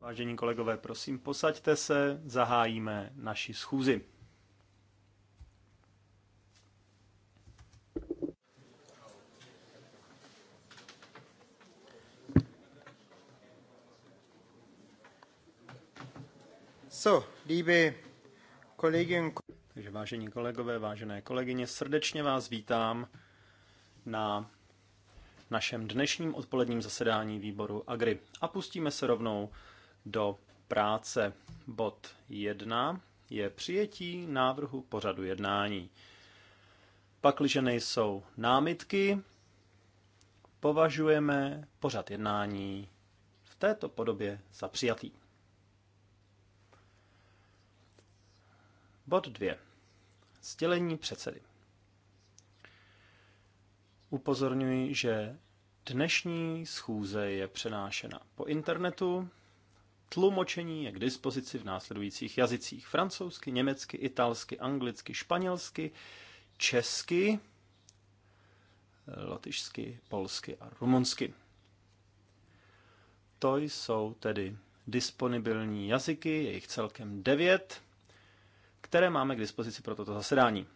Vážení kolegové, prosím, posaďte se, zahájíme naši schůzi. So, liebe Kolleginnen Takže vážení kolegové, vážené kolegyně, srdečně vás vítám na našem dnešním odpoledním zasedání výboru Agri. A pustíme se rovnou do práce. Bod 1 je přijetí návrhu pořadu jednání. Pakliže nejsou námitky, považujeme pořad jednání v této podobě za přijatý. Bod 2. Sdělení předsedy. Upozorňuji, že dnešní schůze je přenášena po internetu. Tlumočení je k dispozici v následujících jazycích. Francouzsky, německy, italsky, anglicky, španělsky, česky, lotyšsky, polsky a rumunsky. To jsou tedy disponibilní jazyky, je jich celkem devět, které máme k dispozici pro toto zasedání.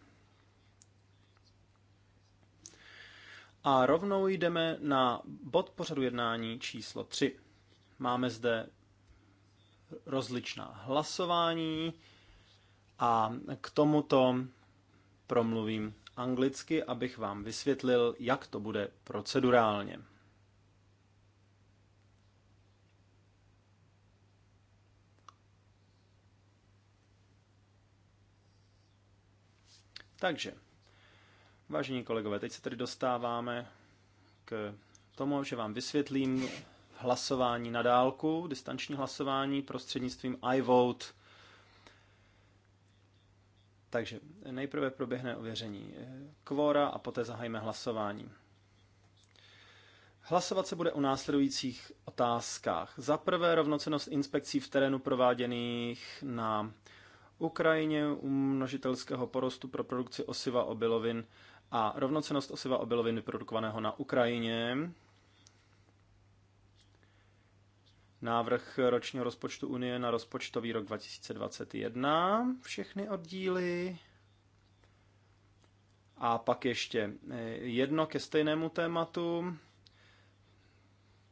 A rovnou jdeme na bod pořadu jednání číslo 3. Máme zde rozličná hlasování a k tomuto promluvím anglicky, abych vám vysvětlil, jak to bude procedurálně. Takže Vážení kolegové, teď se tedy dostáváme k tomu, že vám vysvětlím hlasování na dálku, distanční hlasování prostřednictvím iVote. Takže nejprve proběhne ověření kvóra a poté zahajíme hlasování. Hlasovat se bude o následujících otázkách. Za prvé rovnocenost inspekcí v terénu prováděných na Ukrajině u množitelského porostu pro produkci osiva, obilovin, a rovnocenost osiva obilovin vyprodukovaného na Ukrajině. Návrh ročního rozpočtu Unie na rozpočtový rok 2021. Všechny oddíly. A pak ještě eh, jedno ke stejnému tématu,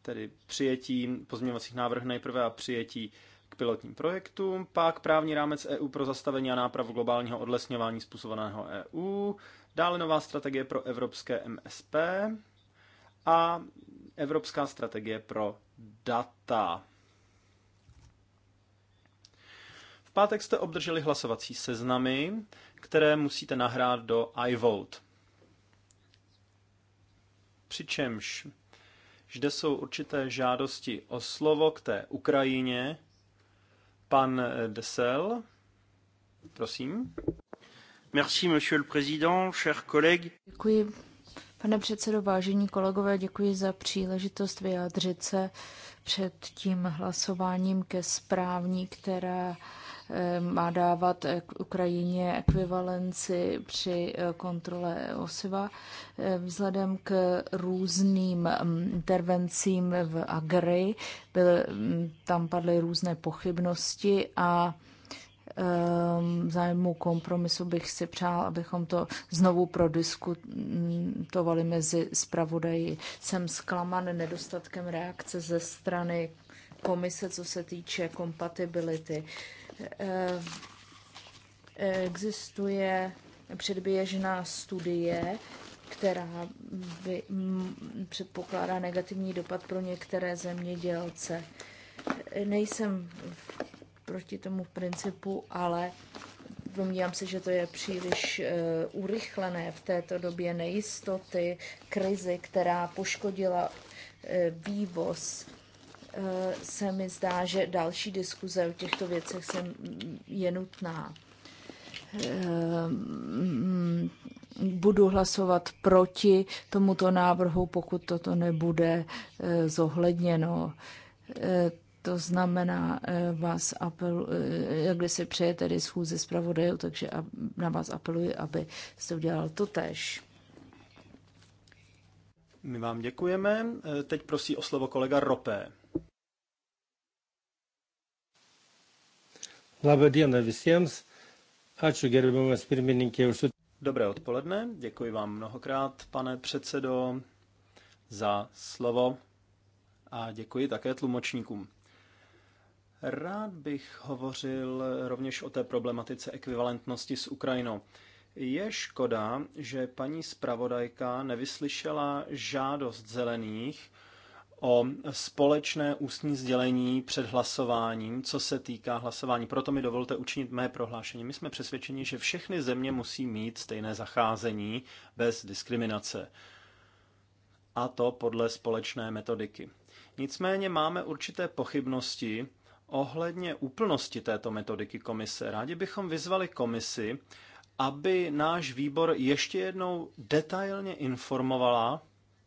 tedy přijetí pozměňovacích návrhů nejprve a přijetí k pilotním projektům, pak právní rámec EU pro zastavení a nápravu globálního odlesňování způsobeného EU, Dále nová strategie pro evropské MSP a evropská strategie pro data. V pátek jste obdrželi hlasovací seznamy, které musíte nahrát do iVote. Přičemž zde jsou určité žádosti o slovo k té Ukrajině. Pan Desel, prosím. Děkuji, pane předsedo, vážení kolegové, děkuji za příležitost vyjádřit se před tím hlasováním ke správní, která eh, má dávat eh, Ukrajině ekvivalenci při eh, kontrole osiva. Vzhledem k různým mm, intervencím v Agri byly, mm, tam padly různé pochybnosti a um, zájmu kompromisu bych si přál, abychom to znovu prodiskutovali mezi zpravodaji. Jsem zklaman nedostatkem reakce ze strany komise, co se týče kompatibility. Ehm, existuje předběžná studie, která by mm, předpokládá negativní dopad pro některé zemědělce. Nejsem proti tomu principu, ale domnívám se, že to je příliš uh, urychlené v této době nejistoty, krizi, která poškodila uh, vývoz. Uh, se mi zdá, že další diskuze o těchto věcech se je nutná. Mm, budu hlasovat proti tomuto návrhu, pokud toto nebude zohledněno to znamená, eh, vás apel, eh, když si přeje tedy schůzi pravodajou, takže na vás apeluji, aby jste udělal to tež. My vám děkujeme. Eh, teď prosí o slovo kolega Ropé. už Dobré odpoledne, děkuji vám mnohokrát, pane předsedo, za slovo a děkuji také tlumočníkům. Rád bych hovořil rovněž o té problematice ekvivalentnosti s Ukrajinou. Je škoda, že paní zpravodajka nevyslyšela žádost zelených o společné ústní sdělení před hlasováním, co se týká hlasování. Proto mi dovolte učinit mé prohlášení. My jsme přesvědčeni, že všechny země musí mít stejné zacházení bez diskriminace. A to podle společné metodiky. Nicméně máme určité pochybnosti, Ohledně úplnosti této metodiky komise, rádi bychom vyzvali komisi, aby náš výbor ještě jednou detailně informovala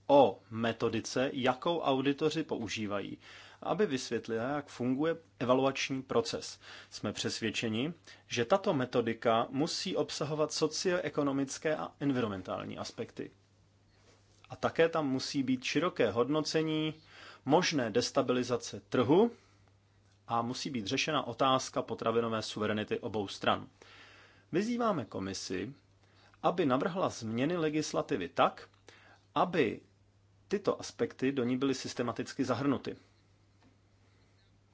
o metodice, jakou auditoři používají, aby vysvětlila, jak funguje evaluační proces. Jsme přesvědčeni, že tato metodika musí obsahovat socioekonomické a environmentální aspekty. A také tam musí být široké hodnocení možné destabilizace trhu a musí být řešena otázka potravinové suverenity obou stran. Vyzýváme komisi, aby navrhla změny legislativy tak, aby tyto aspekty do ní byly systematicky zahrnuty.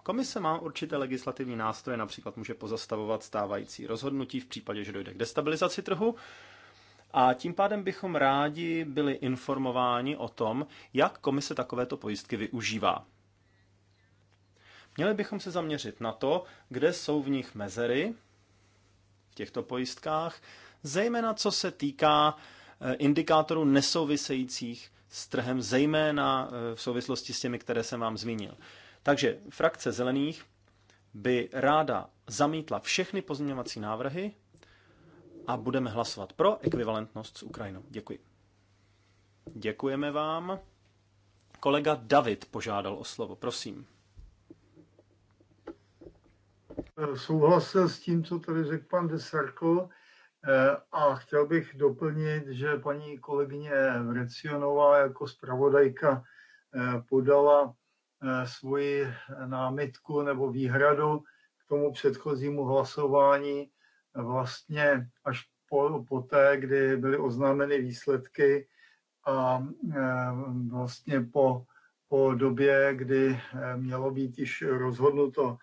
Komise má určité legislativní nástroje, například může pozastavovat stávající rozhodnutí v případě, že dojde k destabilizaci trhu. A tím pádem bychom rádi byli informováni o tom, jak komise takovéto pojistky využívá. Měli bychom se zaměřit na to, kde jsou v nich mezery v těchto pojistkách, zejména co se týká eh, indikátorů nesouvisejících s trhem, zejména eh, v souvislosti s těmi, které jsem vám zmínil. Takže frakce zelených by ráda zamítla všechny pozměňovací návrhy a budeme hlasovat pro ekvivalentnost s Ukrajinou. Děkuji. Děkujeme vám. Kolega David požádal o slovo, prosím. Eh, souhlasil s tím, co tady řekl pan Desarko eh, a chtěl bych doplnit, že paní kolegyně Vrecionová jako zpravodajka eh, podala svoji námitku nebo výhradu k tomu předchozímu hlasování vlastně až po, poté, kdy byly oznámeny výsledky a vlastně po, po době, kdy mělo být již rozhodnuto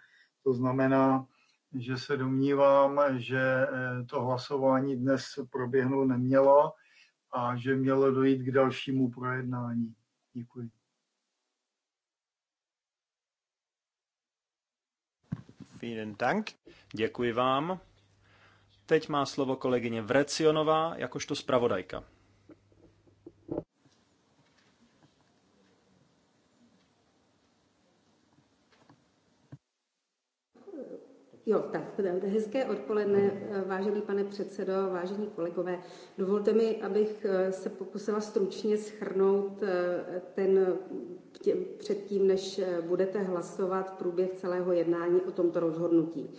to znamená, že se domnívám, že eh, to hlasování dnes proběhnout nemělo a že mělo dojít k dalšímu projednání. Děkuji. Vielen Dank. Děkuji vám. Teď má slovo kolegyně Vrecionová jakožto zpravodajka. Jo, tak, eh, hezké odpoledne, eh, vážený pane předsedo, vážení kolegové. Dovolte mi, abych eh, se pokusila stručně schrnout ten předtím, než budete hlasovat průběh celého jednání o tomto rozhodnutí.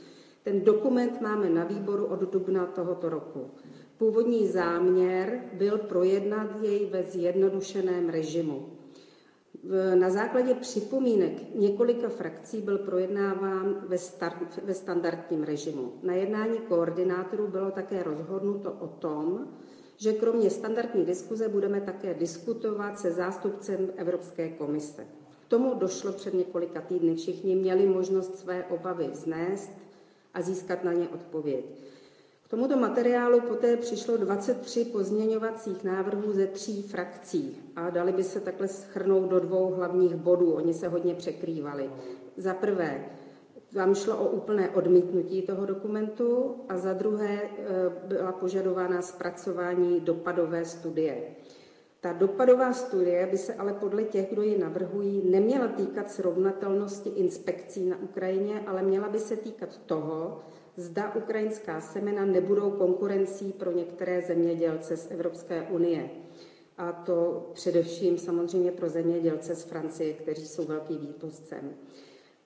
Ten dokument máme na výboru od dubna tohoto roku. Původní záměr byl projednat jej ve zjednodušeném režimu. Na základě připomínek několika frakcí byl projednáván ve, start, ve standardním režimu. Na jednání koordinátorů bylo také rozhodnuto o tom, že kromě standardní diskuze budeme také diskutovat se zástupcem Evropské komise. K tomu došlo před několika týdny. Všichni měli možnost své obavy vznést a získat na ně odpověď. K tomuto materiálu poté přišlo 23 pozměňovacích návrhů ze tří frakcí a dali by se takhle schrnout do dvou hlavních bodů. Oni se hodně překrývali. Za prvé, vám šlo o úplné odmítnutí toho dokumentu a za druhé e, byla požadována zpracování dopadové studie. Ta dopadová studie by se ale podle těch, kdo ji navrhují, neměla týkat srovnatelnosti inspekcí na Ukrajině, ale měla by se týkat toho, zda ukrajinská semena nebudou konkurencí pro některé zemědělce z Evropské unie. A to především samozřejmě pro zemědělce z Francie, kteří jsou velký výpustcem.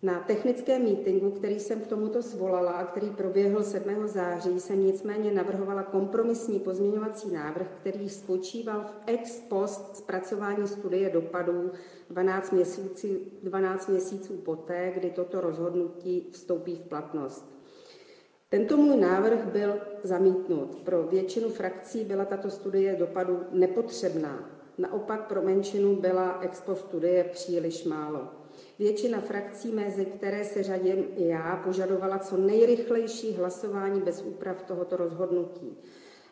Na technickém mítingu, který jsem k tomuto svolala a který proběhl 7. září, jsem nicméně navrhovala kompromisní pozměňovací návrh, který spočíval v ex post zpracování studie dopadů 12 měsíců, 12 měsíců poté, kdy toto rozhodnutí vstoupí v platnost. Tento můj návrh byl zamítnut. Pro většinu frakcí byla tato studie dopadu nepotřebná. Naopak pro menšinu byla expo studie příliš málo. Většina frakcí, mezi které se řadím i já, požadovala co nejrychlejší hlasování bez úprav tohoto rozhodnutí.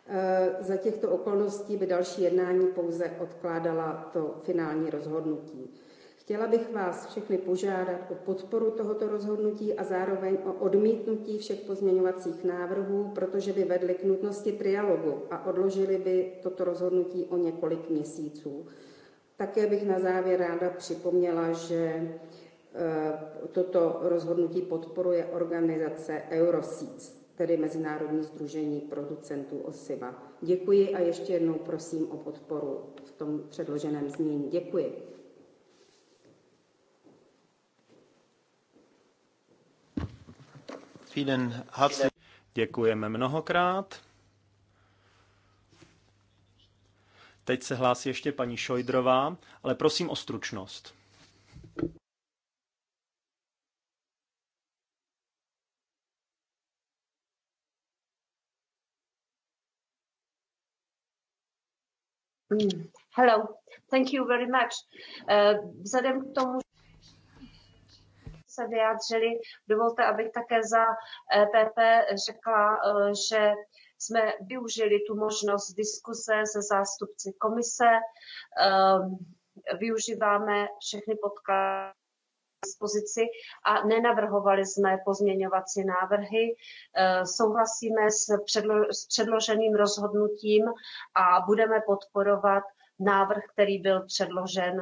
E, za těchto okolností by další jednání pouze odkládala to finální rozhodnutí. Chtěla bych vás všechny požádat o podporu tohoto rozhodnutí a zároveň o odmítnutí všech pozměňovacích návrhů, protože by vedly k nutnosti trialogu a odložili by toto rozhodnutí o několik měsíců. Také bych na závěr ráda připomněla, že eh, toto rozhodnutí podporuje organizace Euroseeds, tedy Mezinárodní združení producentů osiva. Děkuji a ještě jednou prosím o podporu v tom předloženém znění. Děkuji. Děkujeme mnohokrát. Teď se hlásí ještě paní Šojdrová, ale prosím o stručnost. Hmm. Hello, thank you very much. Eh, vzhledem k tomu, se vyjádřili. Dovolte, abych také za EPP řekla, eh, že jsme využili tu možnost diskuse se zástupci komise. Eh, využíváme všechny podklady dispozici a nenavrhovali jsme pozměňovací návrhy. Eh, souhlasíme s, předlo- s předloženým rozhodnutím a budeme podporovat návrh, který byl předložen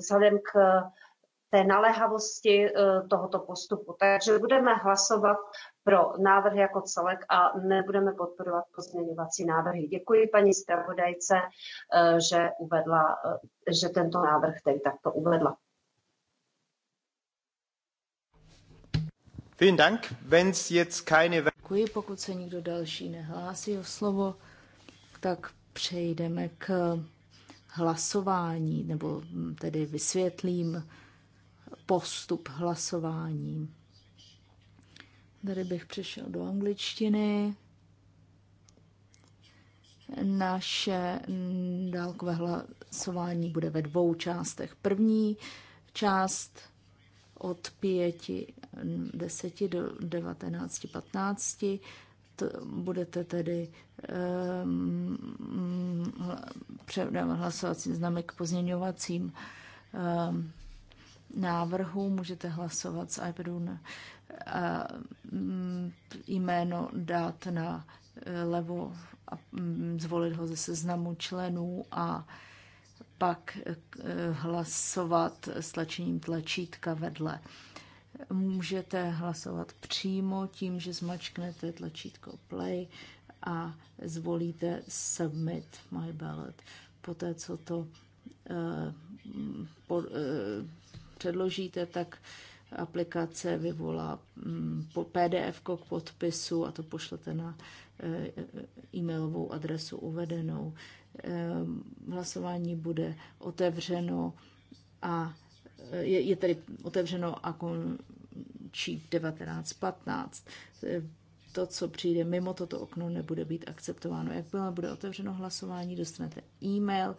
vzhledem k té naléhavosti eh, tohoto postupu. Takže budeme hlasovat pro návrh jako celek a nebudeme podporovat pozměňovací návrhy. Děkuji paní zpravodajce, eh, že, uvedla, eh, že tento návrh tedy takto uvedla. Vielen Dank. jetzt keine... Děkuji, pokud se nikdo další nehlásí o slovo, tak přejdeme k hlasování, nebo tedy vysvětlím postup hlasování. Tady bych přešel do angličtiny. Naše dálkové hlasování bude ve dvou částech. První část od 5, 10 do 19, 15. To budete tedy um, předávat hlasovací znamek k pozměňovacím um, návrhu, můžete hlasovat z iPadu na a mm, jméno dát na e, levo a mm, zvolit ho ze seznamu členů a pak e, hlasovat stlačením tlačítka vedle. Můžete hlasovat přímo tím, že zmačknete tlačítko play a zvolíte submit my ballot. Poté, co to e, mm, po, předložíte, tak aplikace vyvolá mm, PDF k podpisu a to pošlete na e, e, e-mailovou adresu uvedenou. E, hlasování bude otevřeno a je, je tedy otevřeno a končí 19.15 to, co přijde mimo toto okno, nebude být akceptováno. Jakmile bude otevřeno hlasování, dostanete e-mail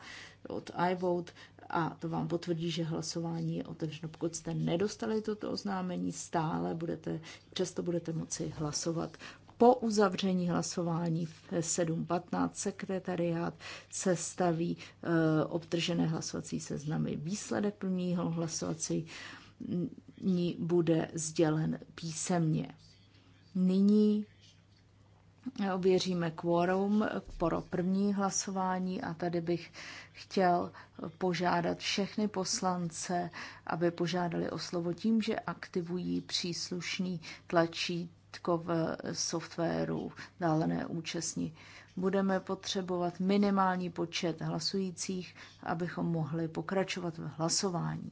od iVote a to vám potvrdí, že hlasování je otevřeno. Pokud jste nedostali toto oznámení, stále budete, často budete moci hlasovat po uzavření hlasování v 7.15 sekretariát sestaví e, eh, obtržené hlasovací seznamy. Výsledek prvního hlasovací ní mm, bude sdělen písemně. Nyní eh, ověříme quorum pro první hlasování a tady bych chtěl požádat všechny poslance, aby požádali o slovo tím, že aktivují příslušný tlačítko v softwaru dálené účastní. Budeme potřebovat minimální počet hlasujících, abychom mohli pokračovat v hlasování.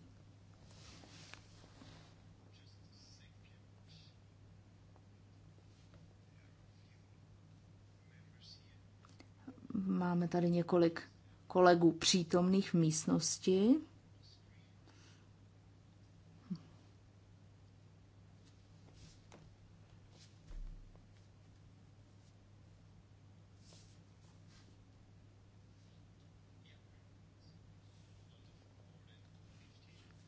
Máme tady několik kolegů přítomných v místnosti.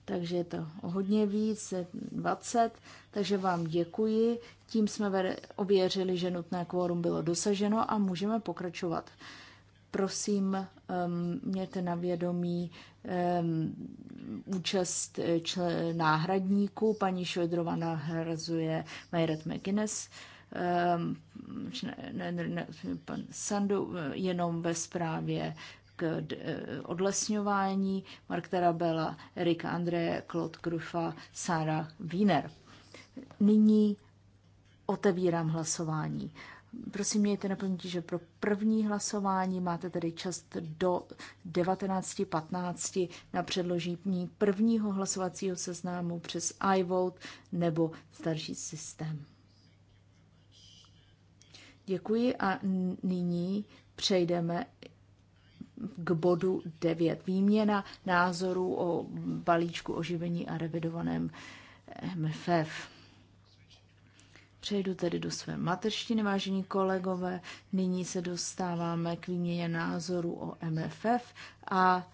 takže je to hodně víc, 20, takže vám děkuji. Tím jsme ověřili, že nutné kvórum bylo dosaženo a můžeme pokračovat Prosím, um, mějte na vědomí um, účast eh, náhradníků. Paní Šojdrova nahrazuje Mayret McGuinness um, ne, ne, ne, pan Sandu eh, jenom ve zprávě k eh, odlesňování, Mark Tarabella, Erik André, Claude Grufa, Sarah Wiener. Nyní otevírám hlasování. Prosím, mějte na paměti, že pro první hlasování máte tedy čas do 19.15 na předložení prvního hlasovacího seznámu přes iVote nebo starší systém. Děkuji a nyní přejdeme k bodu 9. Výměna názorů o balíčku oživení a revidovaném MFF. Přejdu tedy do své mateřštiny, vážení kolegové. Nyní se dostáváme k výměně názoru o MFF a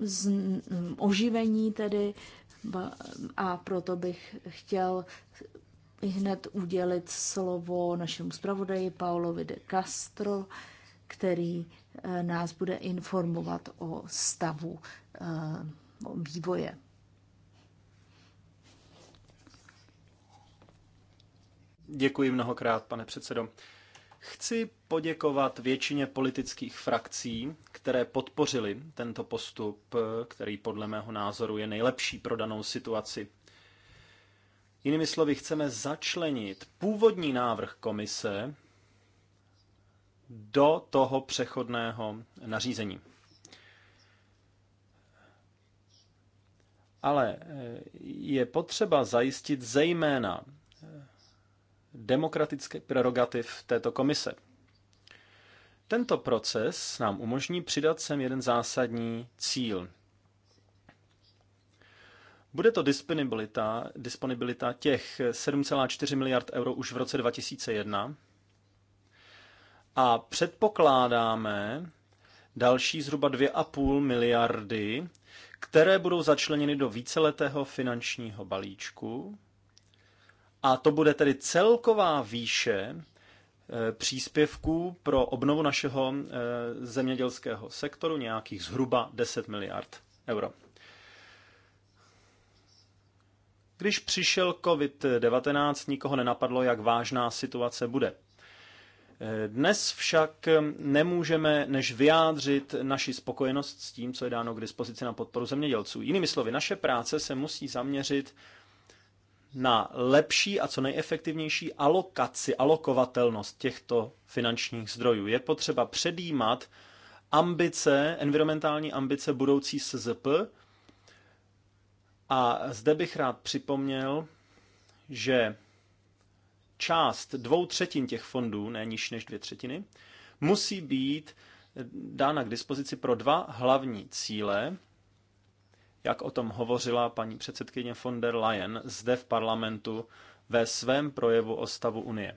z, mm, oživení tedy a proto bych chtěl hned udělit slovo našemu zpravodaji Paulovi de Castro, který eh, nás bude informovat o stavu eh, o vývoje. Děkuji mnohokrát, pane předsedo. Chci poděkovat většině politických frakcí, které podpořili tento postup, který podle mého názoru je nejlepší pro danou situaci. Jinými slovy, chceme začlenit původní návrh komise do toho přechodného nařízení. Ale je potřeba zajistit zejména demokratické prerogativ této komise. Tento proces nám umožní přidat sem jeden zásadní cíl. Bude to disponibilita, disponibilita těch 7,4 miliard euro už v roce 2001 a předpokládáme další zhruba 2,5 miliardy, které budou začleněny do víceletého finančního balíčku, a to bude tedy celková výše eh, příspěvků pro obnovu našeho eh, zemědělského sektoru nějakých zhruba 10 miliard euro. Když přišel COVID-19, nikoho nenapadlo, jak vážná situace bude. Eh, dnes však nemůžeme než vyjádřit naši spokojenost s tím, co je dáno k dispozici na podporu zemědělců. Jinými slovy, naše práce se musí zaměřit na lepší a co nejefektivnější alokaci, alokovatelnost těchto finančních zdrojů. Je potřeba předjímat ambice, environmentální ambice budoucí SZP. A zde bych rád připomněl, že část dvou třetin těch fondů, ne níž než dvě třetiny, musí být dána k dispozici pro dva hlavní cíle, jak o tom hovořila paní předsedkyně von der Leyen zde v parlamentu ve svém projevu o stavu Unie.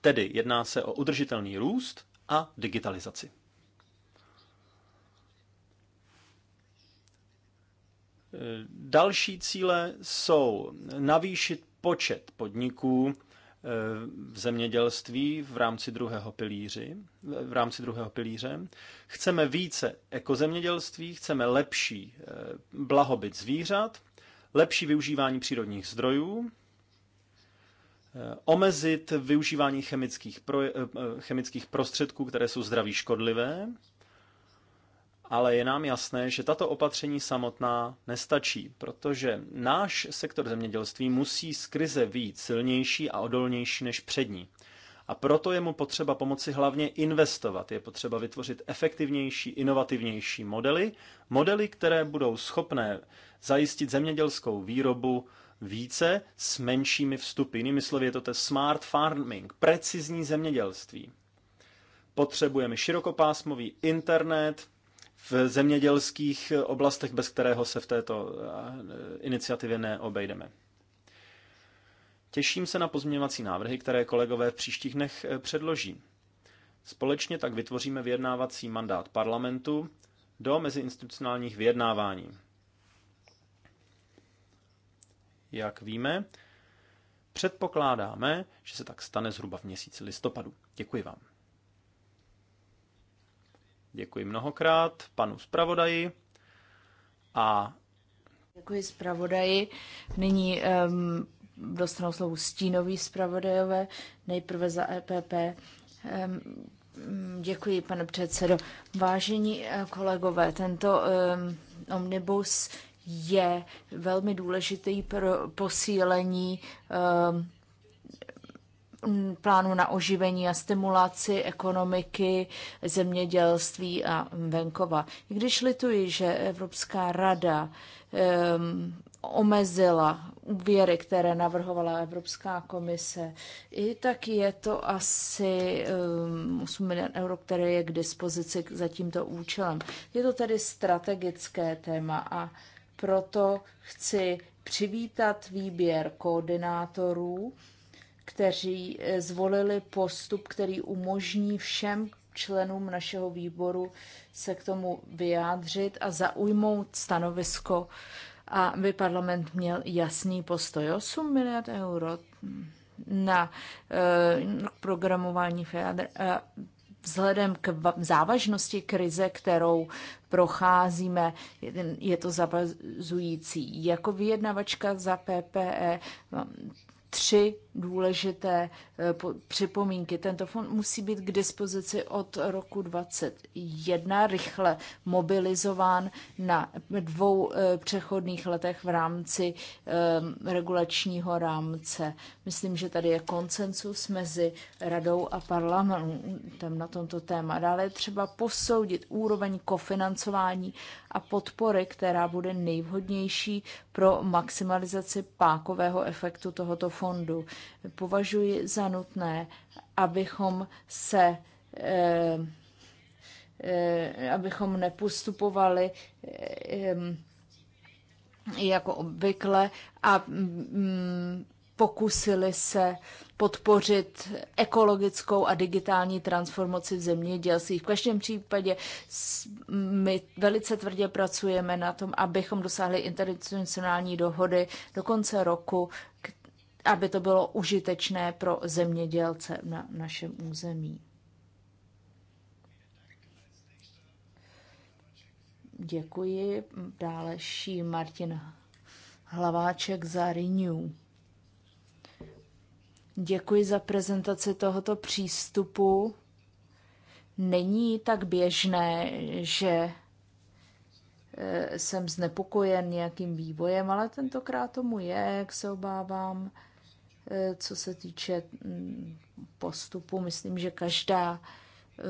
Tedy jedná se o udržitelný růst a digitalizaci. Další cíle jsou navýšit počet podniků, v zemědělství v rámci druhého pilíři, v rámci druhého pilíře. Chceme více ekozemědělství, chceme lepší eh, blahobyt zvířat, lepší využívání přírodních zdrojů, eh, omezit využívání chemických, pro, eh, chemických prostředků, které jsou zdraví škodlivé, ale je nám jasné, že tato opatření samotná nestačí, protože náš sektor zemědělství musí z krize být silnější a odolnější než přední. A proto je mu potřeba pomoci hlavně investovat. Je potřeba vytvořit efektivnější, inovativnější modely, modely, které budou schopné zajistit zemědělskou výrobu více s menšími vstupy. Jinými slovy je to ten smart farming, precizní zemědělství. Potřebujeme širokopásmový internet, v zemědělských oblastech, bez kterého se v této eh, iniciativě neobejdeme. Těším se na pozměňovací návrhy, které kolegové v příštích dnech eh, předloží. Společně tak vytvoříme vyjednávací mandát parlamentu do meziinstitucionálních vyjednávání. Jak víme, předpokládáme, že se tak stane zhruba v měsíci listopadu. Děkuji vám. Děkuji mnohokrát panu zpravodaji a Děkuji zpravodaji. Nyní um, dostanou slovo stínový zpravodajové, nejprve za EPP. Um, děkuji, pane předsedo. Vážení eh, kolegové, tento um, omnibus je velmi důležitý pro posílení um, Mm, plánu na oživení a stimulaci ekonomiky, zemědělství a venkova. I když lituji, že Evropská rada um, omezila úvěry, které navrhovala Evropská komise, i tak je to asi um, 8 miliard euro, které je k dispozici za tímto účelem. Je to tedy strategické téma a proto chci přivítat výběr koordinátorů kteří eh, zvolili postup, který umožní všem členům našeho výboru se k tomu vyjádřit a zaujmout stanovisko, by parlament měl jasný postoj. 8 miliard euro na uh, programování FEADR uh, vzhledem k závažnosti krize, kterou procházíme, je to zavazující. Jako vyjednavačka za PPE tři důležité eh, připomínky. Tento fond musí být k dispozici od roku 2021, rychle mobilizován na dvou eh, přechodných letech v rámci ehm, regulačního rámce. Myslím, že tady je koncensus mezi radou a parlamentem na tomto téma. Dále je třeba posoudit úroveň kofinancování a podpory, která bude nejvhodnější pro maximalizaci pákového efektu tohoto fondu. Považuji za nutné, abychom se eh, eh, abychom nepostupovali eh, jako obvykle a mm, mm, pokusili se podpořit ekologickou a digitální transformaci v zemědělství. V každém případě my velice tvrdě pracujeme na tom, abychom dosáhli internacionální dohody do konce roku, aby to bylo užitečné pro zemědělce na našem území. Děkuji. Dále Martina Hlaváček za Renew. Děkuji za prezentaci tohoto přístupu. Není tak běžné, že eh, jsem znepokojen nějakým vývojem, ale tentokrát tomu je, jak se obávám, eh, co se týče mm, postupu. Myslím, že každá eh,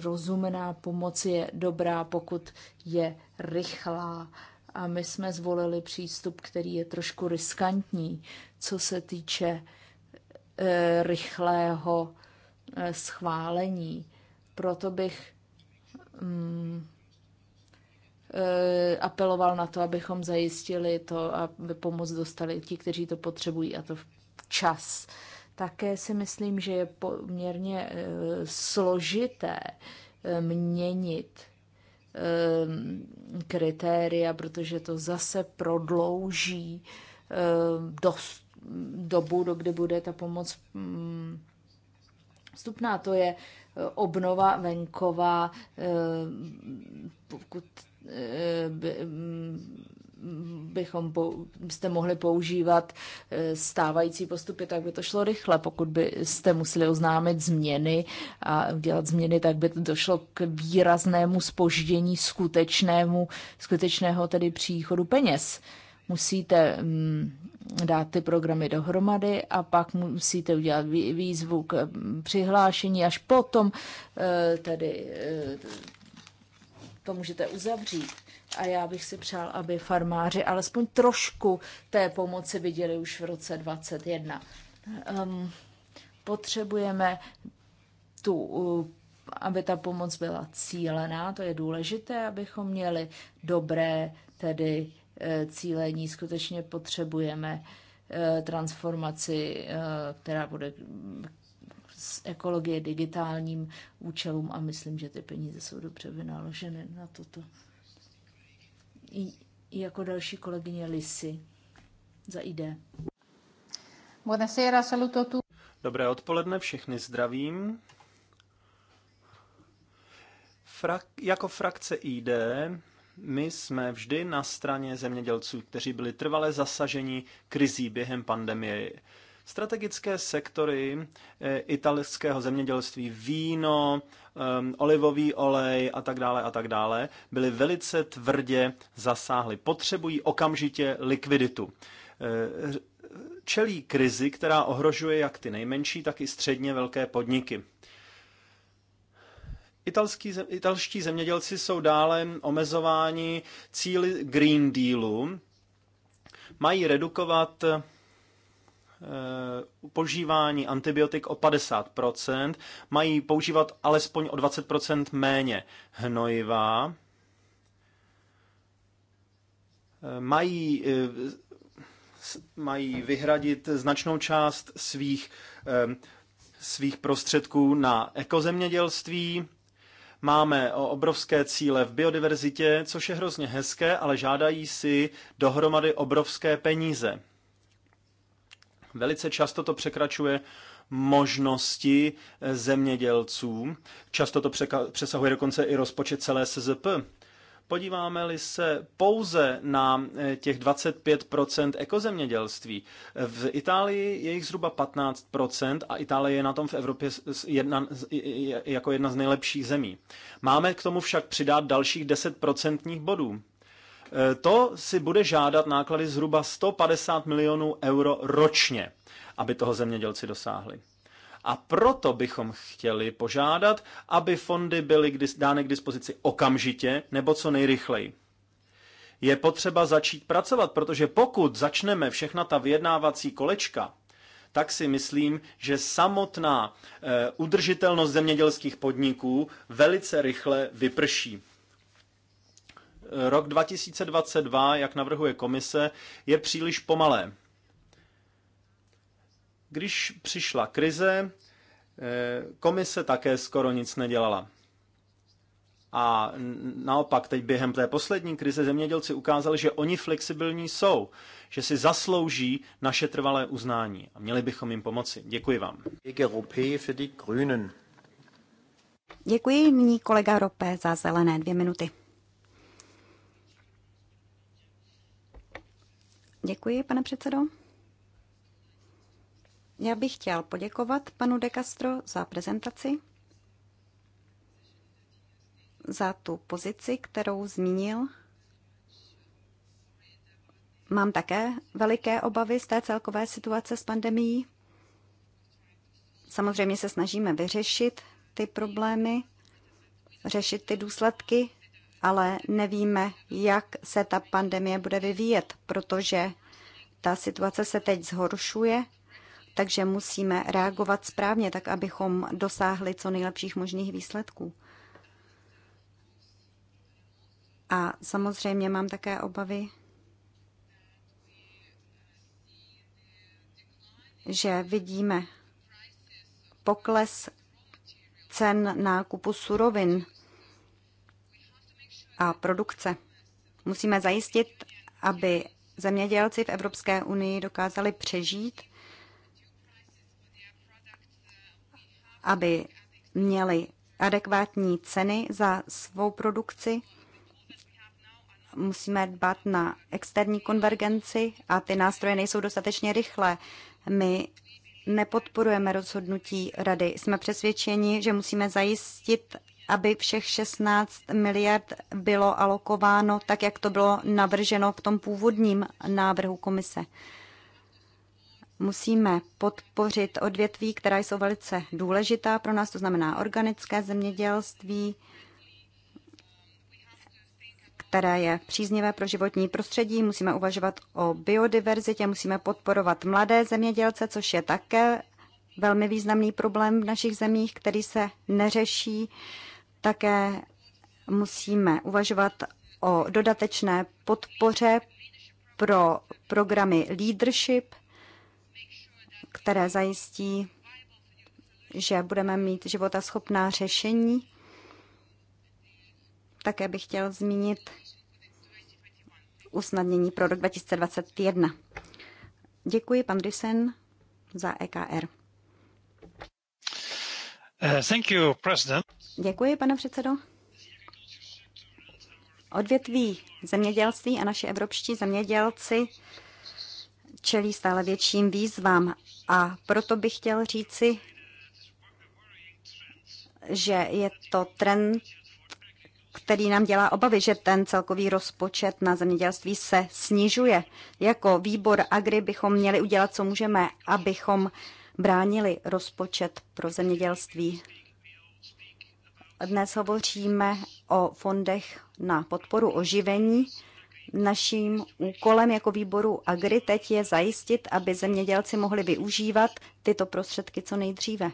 rozumná pomoc je dobrá, pokud je rychlá. A my jsme zvolili přístup, který je trošku riskantní, co se týče Eh, rychlého eh, schválení. Proto bych mm, eh, apeloval na to, abychom zajistili to, aby pomoc dostali ti, kteří to potřebují a to včas. Také si myslím, že je poměrně složité měnit kritéria, protože to zase prodlouží dost dobu, do kdy bude ta pomoc mm, vstupná. To je eh, obnova venková, eh, pokud eh, mm, bychom byste mohli používat stávající postupy, tak by to šlo rychle. Pokud byste museli oznámit změny a udělat změny, tak by to došlo k výraznému spoždění skutečnému, skutečného tedy příchodu peněz musíte mm, dát ty programy dohromady a pak musíte udělat výzvu k mm, přihlášení, až potom eh, tedy eh, to můžete uzavřít. A já bych si přál, aby farmáři alespoň trošku té pomoci viděli už v roce 2021. Um, ehm, potřebujeme tu, eh, aby ta pomoc byla cílená, to je důležité, abychom měli dobré tedy Eh, cílení. Skutečně potřebujeme eh, transformaci, eh, která bude z ekologie digitálním účelům a myslím, že ty peníze jsou dobře vynaloženy na toto. I jako další kolegyně Lisy za ID. tu. Dobré odpoledne, všechny zdravím. Frak, jako frakce ID my jsme vždy na straně zemědělců, kteří byli trvale zasaženi krizí během pandemie. Strategické sektory eh, italského zemědělství, víno, ehm, olivový olej a tak dále a tak dále, byly velice tvrdě zasáhly. Potřebují okamžitě likviditu eh, čelí krizi, která ohrožuje jak ty nejmenší, tak i středně velké podniky. Italský, italští zemědělci jsou dále omezováni cíly Green Dealu. Mají redukovat používání eh, požívání antibiotik o 50%, mají používat alespoň o 20% méně hnojiva, eh, mají, eh, mají vyhradit značnou část svých, svých prostředků na ekozemědělství, Máme obrovské cíle v biodiverzitě, což je hrozně hezké, ale žádají si dohromady obrovské peníze. Velice často to překračuje možnosti zemědělců. Často to přesahuje dokonce i rozpočet celé SZP. Podíváme-li se pouze na eh, těch 25% ekozemědělství, v Itálii je jich zhruba 15% a Itálie je na tom v Evropě jedna, jako jedna z nejlepších zemí. Máme k tomu však přidat dalších 10% bodů. Eh, to si bude žádat náklady zhruba 150 milionů euro ročně, aby toho zemědělci dosáhli. A proto bychom chtěli požádat, aby fondy byly dány k dispozici okamžitě nebo co nejrychleji je potřeba začít pracovat, protože pokud začneme všechna ta vyjednávací kolečka, tak si myslím, že samotná e, udržitelnost zemědělských podniků velice rychle vyprší. Rok 2022, jak navrhuje komise, je příliš pomalé. Když přišla krize, eh, komise také skoro nic nedělala. A naopak teď během té poslední krize zemědělci ukázali, že oni flexibilní jsou, že si zaslouží naše trvalé uznání a měli bychom jim pomoci. Děkuji vám. Děkuji nyní kolega Rope za zelené dvě minuty. Děkuji, pane předsedo. Já bych chtěl poděkovat panu De Castro za prezentaci, za tu pozici, kterou zmínil. Mám také veliké obavy z té celkové situace s pandemií. Samozřejmě se snažíme vyřešit ty problémy, řešit ty důsledky, ale nevíme, jak se ta pandemie bude vyvíjet, protože ta situace se teď zhoršuje takže musíme reagovat správně, tak abychom dosáhli co nejlepších možných výsledků. A samozřejmě mám také obavy, že vidíme pokles cen nákupu surovin a produkce. Musíme zajistit, aby zemědělci v Evropské unii dokázali přežít aby měli adekvátní ceny za svou produkci. Musíme dbat na externí konvergenci a ty nástroje nejsou dostatečně rychlé. My nepodporujeme rozhodnutí rady. Jsme přesvědčeni, že musíme zajistit, aby všech 16 miliard bylo alokováno tak, jak to bylo navrženo v tom původním návrhu komise. Musíme podpořit odvětví, která jsou velice důležitá pro nás, to znamená organické zemědělství, které je příznivé pro životní prostředí. Musíme uvažovat o biodiverzitě, musíme podporovat mladé zemědělce, což je také velmi významný problém v našich zemích, který se neřeší. Také musíme uvažovat o dodatečné podpoře pro programy leadership, které zajistí, že budeme mít schopná řešení. Také bych chtěl zmínit usnadnění pro rok 2021. Děkuji, pan Dysen, za EKR. Uh, thank you, president. Děkuji, pane předsedo. Odvětví zemědělství a naši evropští zemědělci čelí stále větším výzvám a proto bych chtěl říci, že je to trend, který nám dělá obavy, že ten celkový rozpočet na zemědělství se snižuje. Jako výbor Agri bychom měli udělat, co můžeme, abychom bránili rozpočet pro zemědělství. Dnes hovoříme o fondech na podporu oživení Naším úkolem jako výboru Agri teď je zajistit, aby zemědělci mohli využívat tyto prostředky co nejdříve.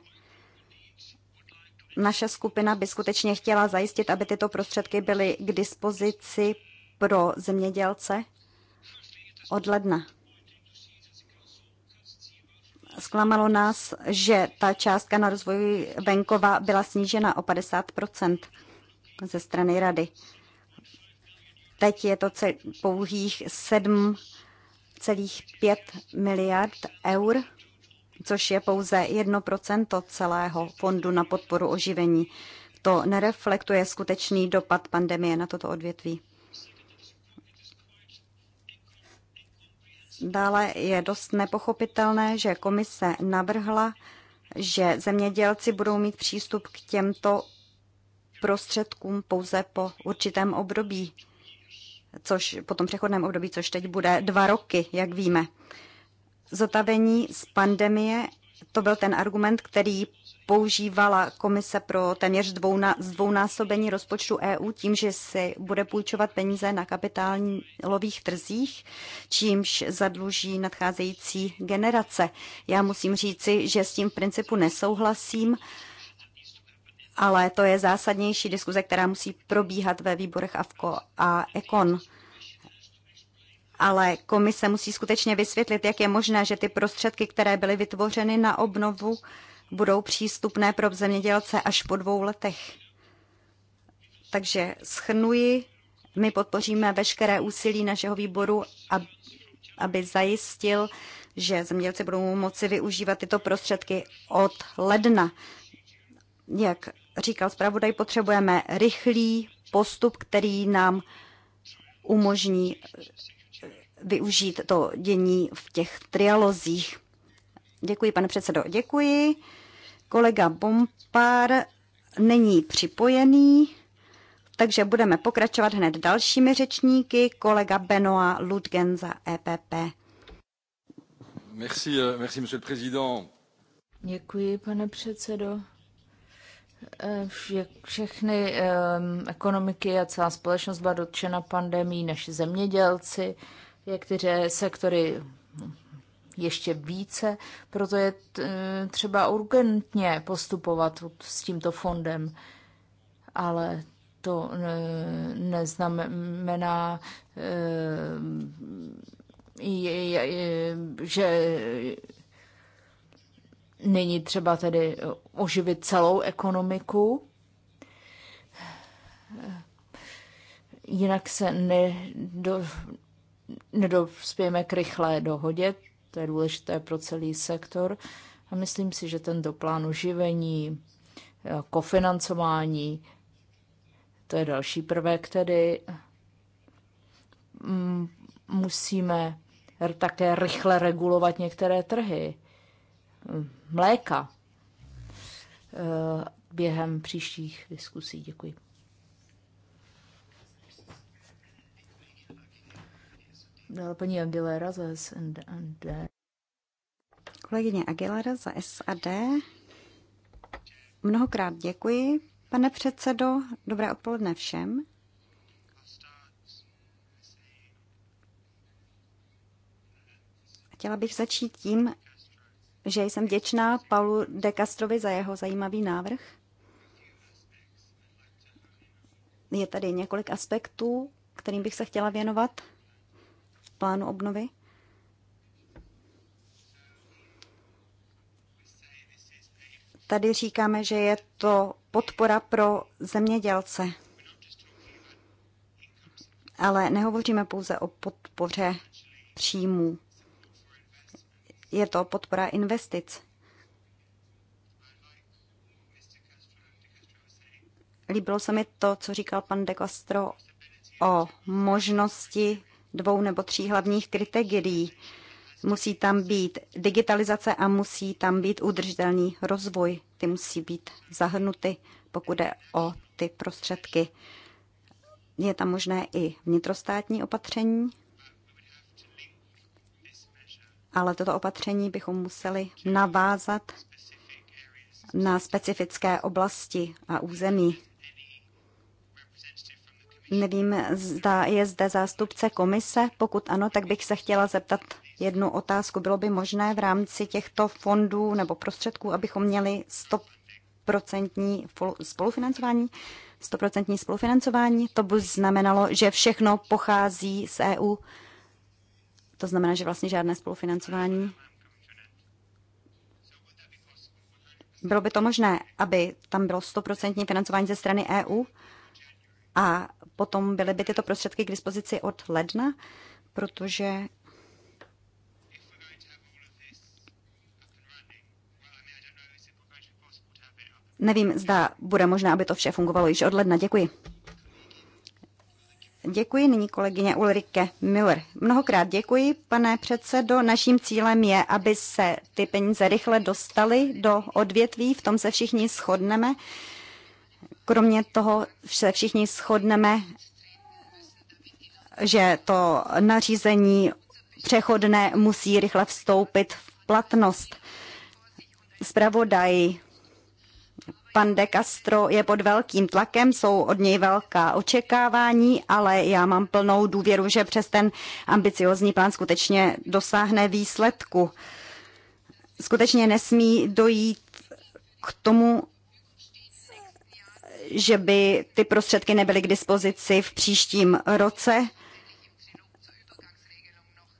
Naše skupina by skutečně chtěla zajistit, aby tyto prostředky byly k dispozici pro zemědělce od ledna. Zklamalo nás, že ta částka na rozvoj venkova byla snížena o 50 ze strany rady. Teď je to pouhých 7,5 miliard eur, což je pouze 1% celého fondu na podporu oživení. To nereflektuje skutečný dopad pandemie na toto odvětví. Dále je dost nepochopitelné, že komise navrhla, že zemědělci budou mít přístup k těmto prostředkům pouze po určitém období což po tom přechodném období, což teď bude dva roky, jak víme. Zotavení z pandemie, to byl ten argument, který používala komise pro téměř dvouna, zdvounásobení rozpočtu EU tím, že si bude půjčovat peníze na kapitálových trzích, čímž zadluží nadcházející generace. Já musím říci, že s tím v principu nesouhlasím. Uh, ale to je zásadnější diskuze, která musí probíhat ve výborech Afko a EKON. Ale komise musí skutečně vysvětlit, jak je možné, že ty prostředky, které byly vytvořeny na obnovu, budou přístupné pro zemědělce až po dvou letech. Takže schrnuji, my podpoříme veškeré úsilí našeho výboru, aby zajistil, že zemědělci budou moci využívat tyto prostředky od ledna. Jak říkal zpravodaj, potřebujeme rychlý postup, který nám umožní eh, využít to dění v těch trialozích. Děkuji, pane předsedo. Děkuji. Kolega Bompár není připojený, takže budeme pokračovat hned dalšími řečníky. Kolega Benoa Ludgen za EPP. Merci, eh, merci, monsieur le président. Děkuji, pane předsedo. Eh, vše, všechny um, ekonomiky a celá společnost byla dotčena pandemí, naši zemědělci, některé sektory hm, ještě více, proto je eh, třeba urgentně postupovat s tímto fondem. Ale to neznamená, eh, že Není třeba tedy eh, oživit celou ekonomiku. Jinak se nedo, nedospějeme k rychlé dohodě, to je důležité pro celý sektor. A myslím si, že tento plán oživení, eh, kofinancování, to je další prvek tedy. Mm, musíme také rychle regulovat některé trhy mléka eh, během příštích diskusí. Děkuji. Dále paní Aguilera za SND. Kolegyně Aguilera za SAD. Mnohokrát děkuji. Pane předsedo, dobré odpoledne všem. Chtěla bych začít tím, že jsem vděčná Paulu de Castrovi za jeho zajímavý návrh. Je tady několik aspektů, kterým bych se chtěla věnovat v plánu obnovy. Tady říkáme, že je to podpora pro zemědělce. Ale nehovoříme pouze o podpoře příjmů je to podpora investic. Líbilo se mi to, co říkal pan de Castro o možnosti dvou nebo tří hlavních kritérií. Musí tam být digitalizace a musí tam být udržitelný rozvoj. Ty musí být zahrnuty, pokud jde o ty prostředky. Je tam možné i vnitrostátní opatření, ale toto opatření bychom museli navázat na specifické oblasti a území. Nevím, zda je zde zástupce komise. Pokud ano, tak bych se chtěla zeptat jednu otázku. Bylo by možné v rámci těchto fondů nebo prostředků, abychom měli 100% spolufinancování? 100% spolufinancování, to by znamenalo, že všechno pochází z EU. To znamená, že vlastně žádné spolufinancování. Bylo by to možné, aby tam bylo stoprocentní financování ze strany EU a potom byly by tyto prostředky k dispozici od ledna, protože Nevím, zda bude možné, aby to vše fungovalo již od ledna. Děkuji. Děkuji nyní kolegyně Ulrike Müller. Mnohokrát děkuji, pane předsedo. Naším cílem je, aby se ty peníze rychle dostaly do odvětví, v tom se všichni shodneme. Kromě toho se všichni shodneme, že to nařízení přechodné musí rychle vstoupit v platnost. Spravodaj Pan de Castro je pod velkým tlakem, jsou od něj velká očekávání, ale já mám plnou důvěru, že přes ten ambiciozní plán skutečně dosáhne výsledku. Skutečně nesmí dojít k tomu, že by ty prostředky nebyly k dispozici v příštím roce,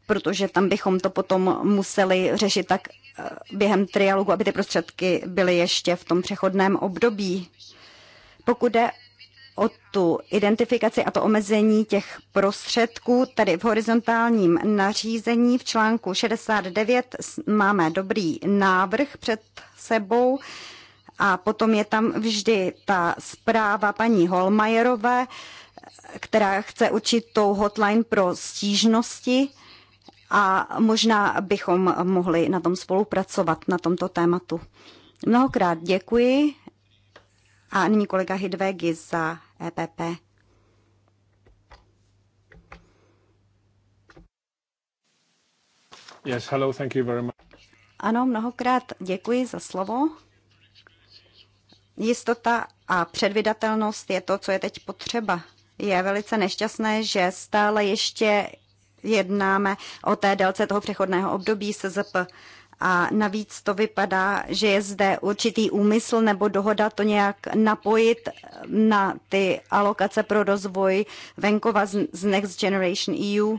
protože tam bychom to potom museli řešit tak během trialogu, aby ty prostředky byly ještě v tom přechodném období. Pokud jde o tu identifikaci a to omezení těch prostředků. Tady v horizontálním nařízení v článku 69 máme dobrý návrh před sebou a potom je tam vždy ta zpráva paní Holmajerové, která chce určitou hotline pro stížnosti a možná bychom mohli na tom spolupracovat, na tomto tématu. Mnohokrát děkuji a nyní kolega Hidvegi za EPP. Yes, hello, thank you very much. Ano, mnohokrát děkuji za slovo. Jistota a předvydatelnost je to, co je teď potřeba. Je velice nešťastné, že stále ještě jednáme o té délce toho přechodného období SZP. A navíc to vypadá, že je zde určitý úmysl nebo dohoda to nějak napojit na ty alokace pro rozvoj venkova z Next Generation EU.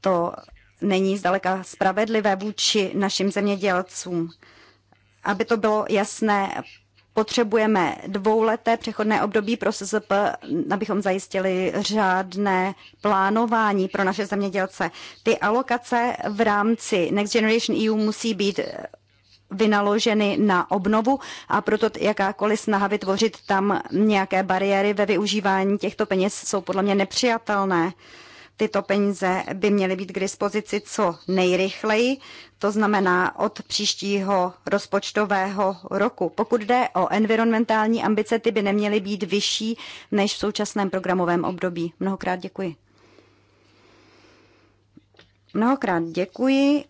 To není zdaleka spravedlivé vůči našim zemědělcům. Aby to bylo jasné potřebujeme dvouleté přechodné období pro SZP, abychom zajistili řádné plánování pro naše zemědělce. Ty alokace v rámci Next Generation EU musí být eh, vynaloženy na obnovu a proto jakákoliv snaha vytvořit tam nějaké bariéry ve využívání těchto peněz jsou podle mě nepřijatelné. Tyto peníze by měly být k dispozici co nejrychleji, to znamená od příštího rozpočtového roku. Pokud jde o environmentální ambice, ty by neměly být vyšší než v současném programovém období. Mnohokrát děkuji. Mnohokrát děkuji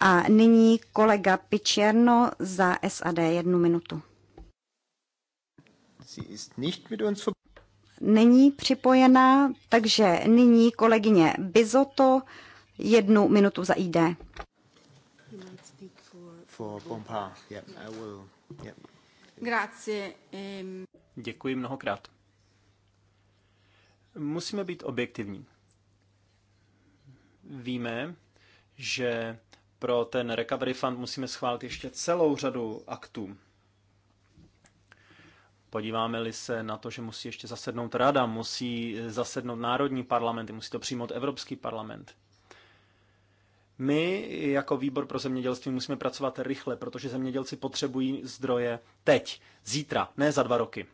a nyní kolega Pičerno za SAD jednu minutu není připojena, takže nyní kolegyně Bizoto jednu minutu za ID. Ehm. Děkuji mnohokrát. Musíme být objektivní. Víme, že pro ten recovery fund musíme schválit ještě celou řadu aktů. Podíváme-li se na to, že musí ještě zasednout rada, musí eh, zasednout národní parlamenty, musí to přijmout Evropský parlament. My jako výbor pro zemědělství musíme pracovat rychle, protože zemědělci potřebují zdroje teď, zítra, ne za dva roky.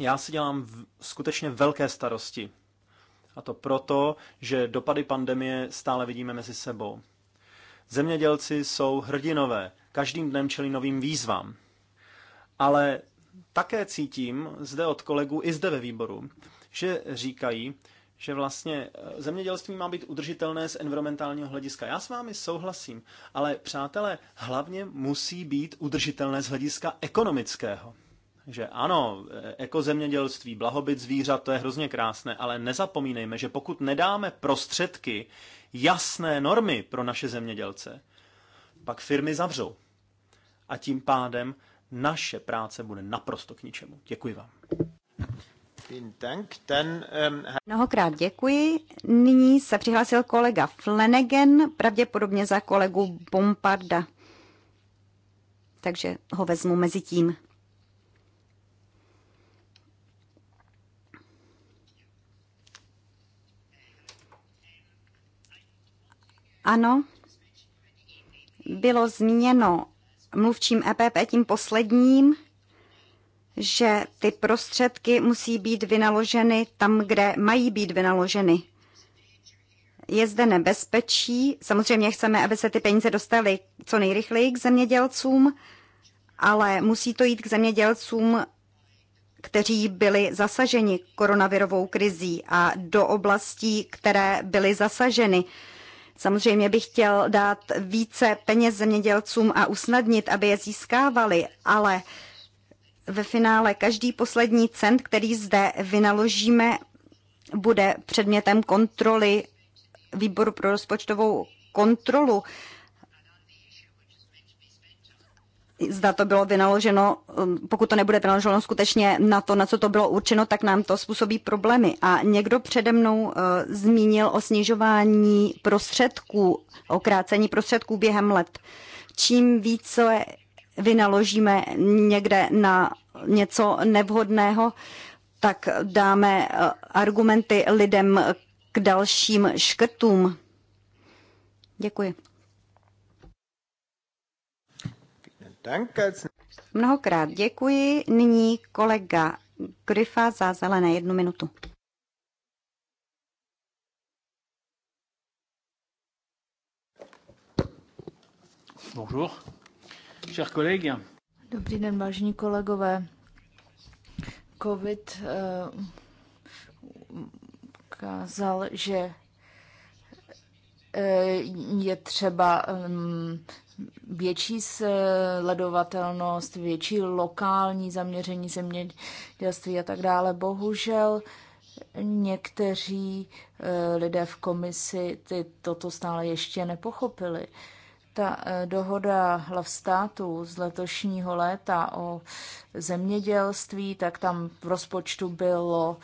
Já si dělám v, skutečně velké starosti. A to proto, že dopady pandemie stále vidíme mezi sebou. Zemědělci jsou hrdinové, každým dnem čelí novým výzvám. Ale také cítím zde od kolegů i zde ve výboru, že říkají, že vlastně eh, zemědělství má být udržitelné z environmentálního hlediska. Já s vámi souhlasím, ale přátelé, hlavně musí být udržitelné z hlediska ekonomického. Že ano, eh, ekozemědělství, blahobyt zvířat, to je hrozně krásné, ale nezapomínejme, že pokud nedáme prostředky, jasné normy pro naše zemědělce, pak firmy zavřou. A tím pádem naše práce bude naprosto k ničemu. Děkuji vám. Ähm, Mnohokrát děkuji. Nyní se přihlásil kolega Flanagan, pravděpodobně za kolegu Bombarda. Takže ho vezmu mezi tím. Ano, bylo zmíněno mluvčím EPP, tím posledním, že ty prostředky musí být vynaloženy tam, kde mají být vynaloženy. Je zde nebezpečí, samozřejmě chceme, aby se ty peníze dostaly co nejrychleji k zemědělcům, ale musí to jít k zemědělcům, kteří byli zasaženi koronavirovou krizí a do oblastí, které byly zasaženy. Samozřejmě bych chtěl dát více peněz zemědělcům a usnadnit, aby je získávali, ale ve finále každý poslední cent, který zde vynaložíme, bude předmětem kontroly výboru pro rozpočtovou kontrolu zda to bylo vynaloženo, um, pokud to nebude vynaloženo skutečně na to, na co to bylo určeno, tak nám to způsobí problémy. A někdo přede mnou uh, zmínil o snižování prostředků, o krácení prostředků během let. Čím více vynaložíme někde na něco nevhodného, tak dáme uh, argumenty lidem k dalším škrtům. Děkuji. Mnohokrát děkuji. Nyní kolega Gryfa za zelené jednu minutu. Bonjour, chers collègues. Dobrý den, vážení kolegové. COVID uh, ukázal, že eh, je třeba um, větší sledovatelnost, větší lokální zaměření zemědělství a tak dále. Bohužel někteří eh, lidé v komisi ty, toto stále ještě nepochopili. Ta eh, dohoda hlav státu z letošního léta o zemědělství, tak tam v rozpočtu bylo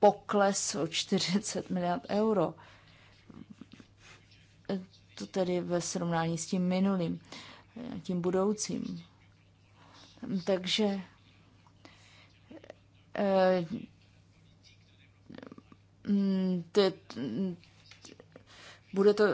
pokles o 40 miliard euro to tedy ve srovnání s tím minulým, eh, tím budoucím. Takže eh, mm, bude to,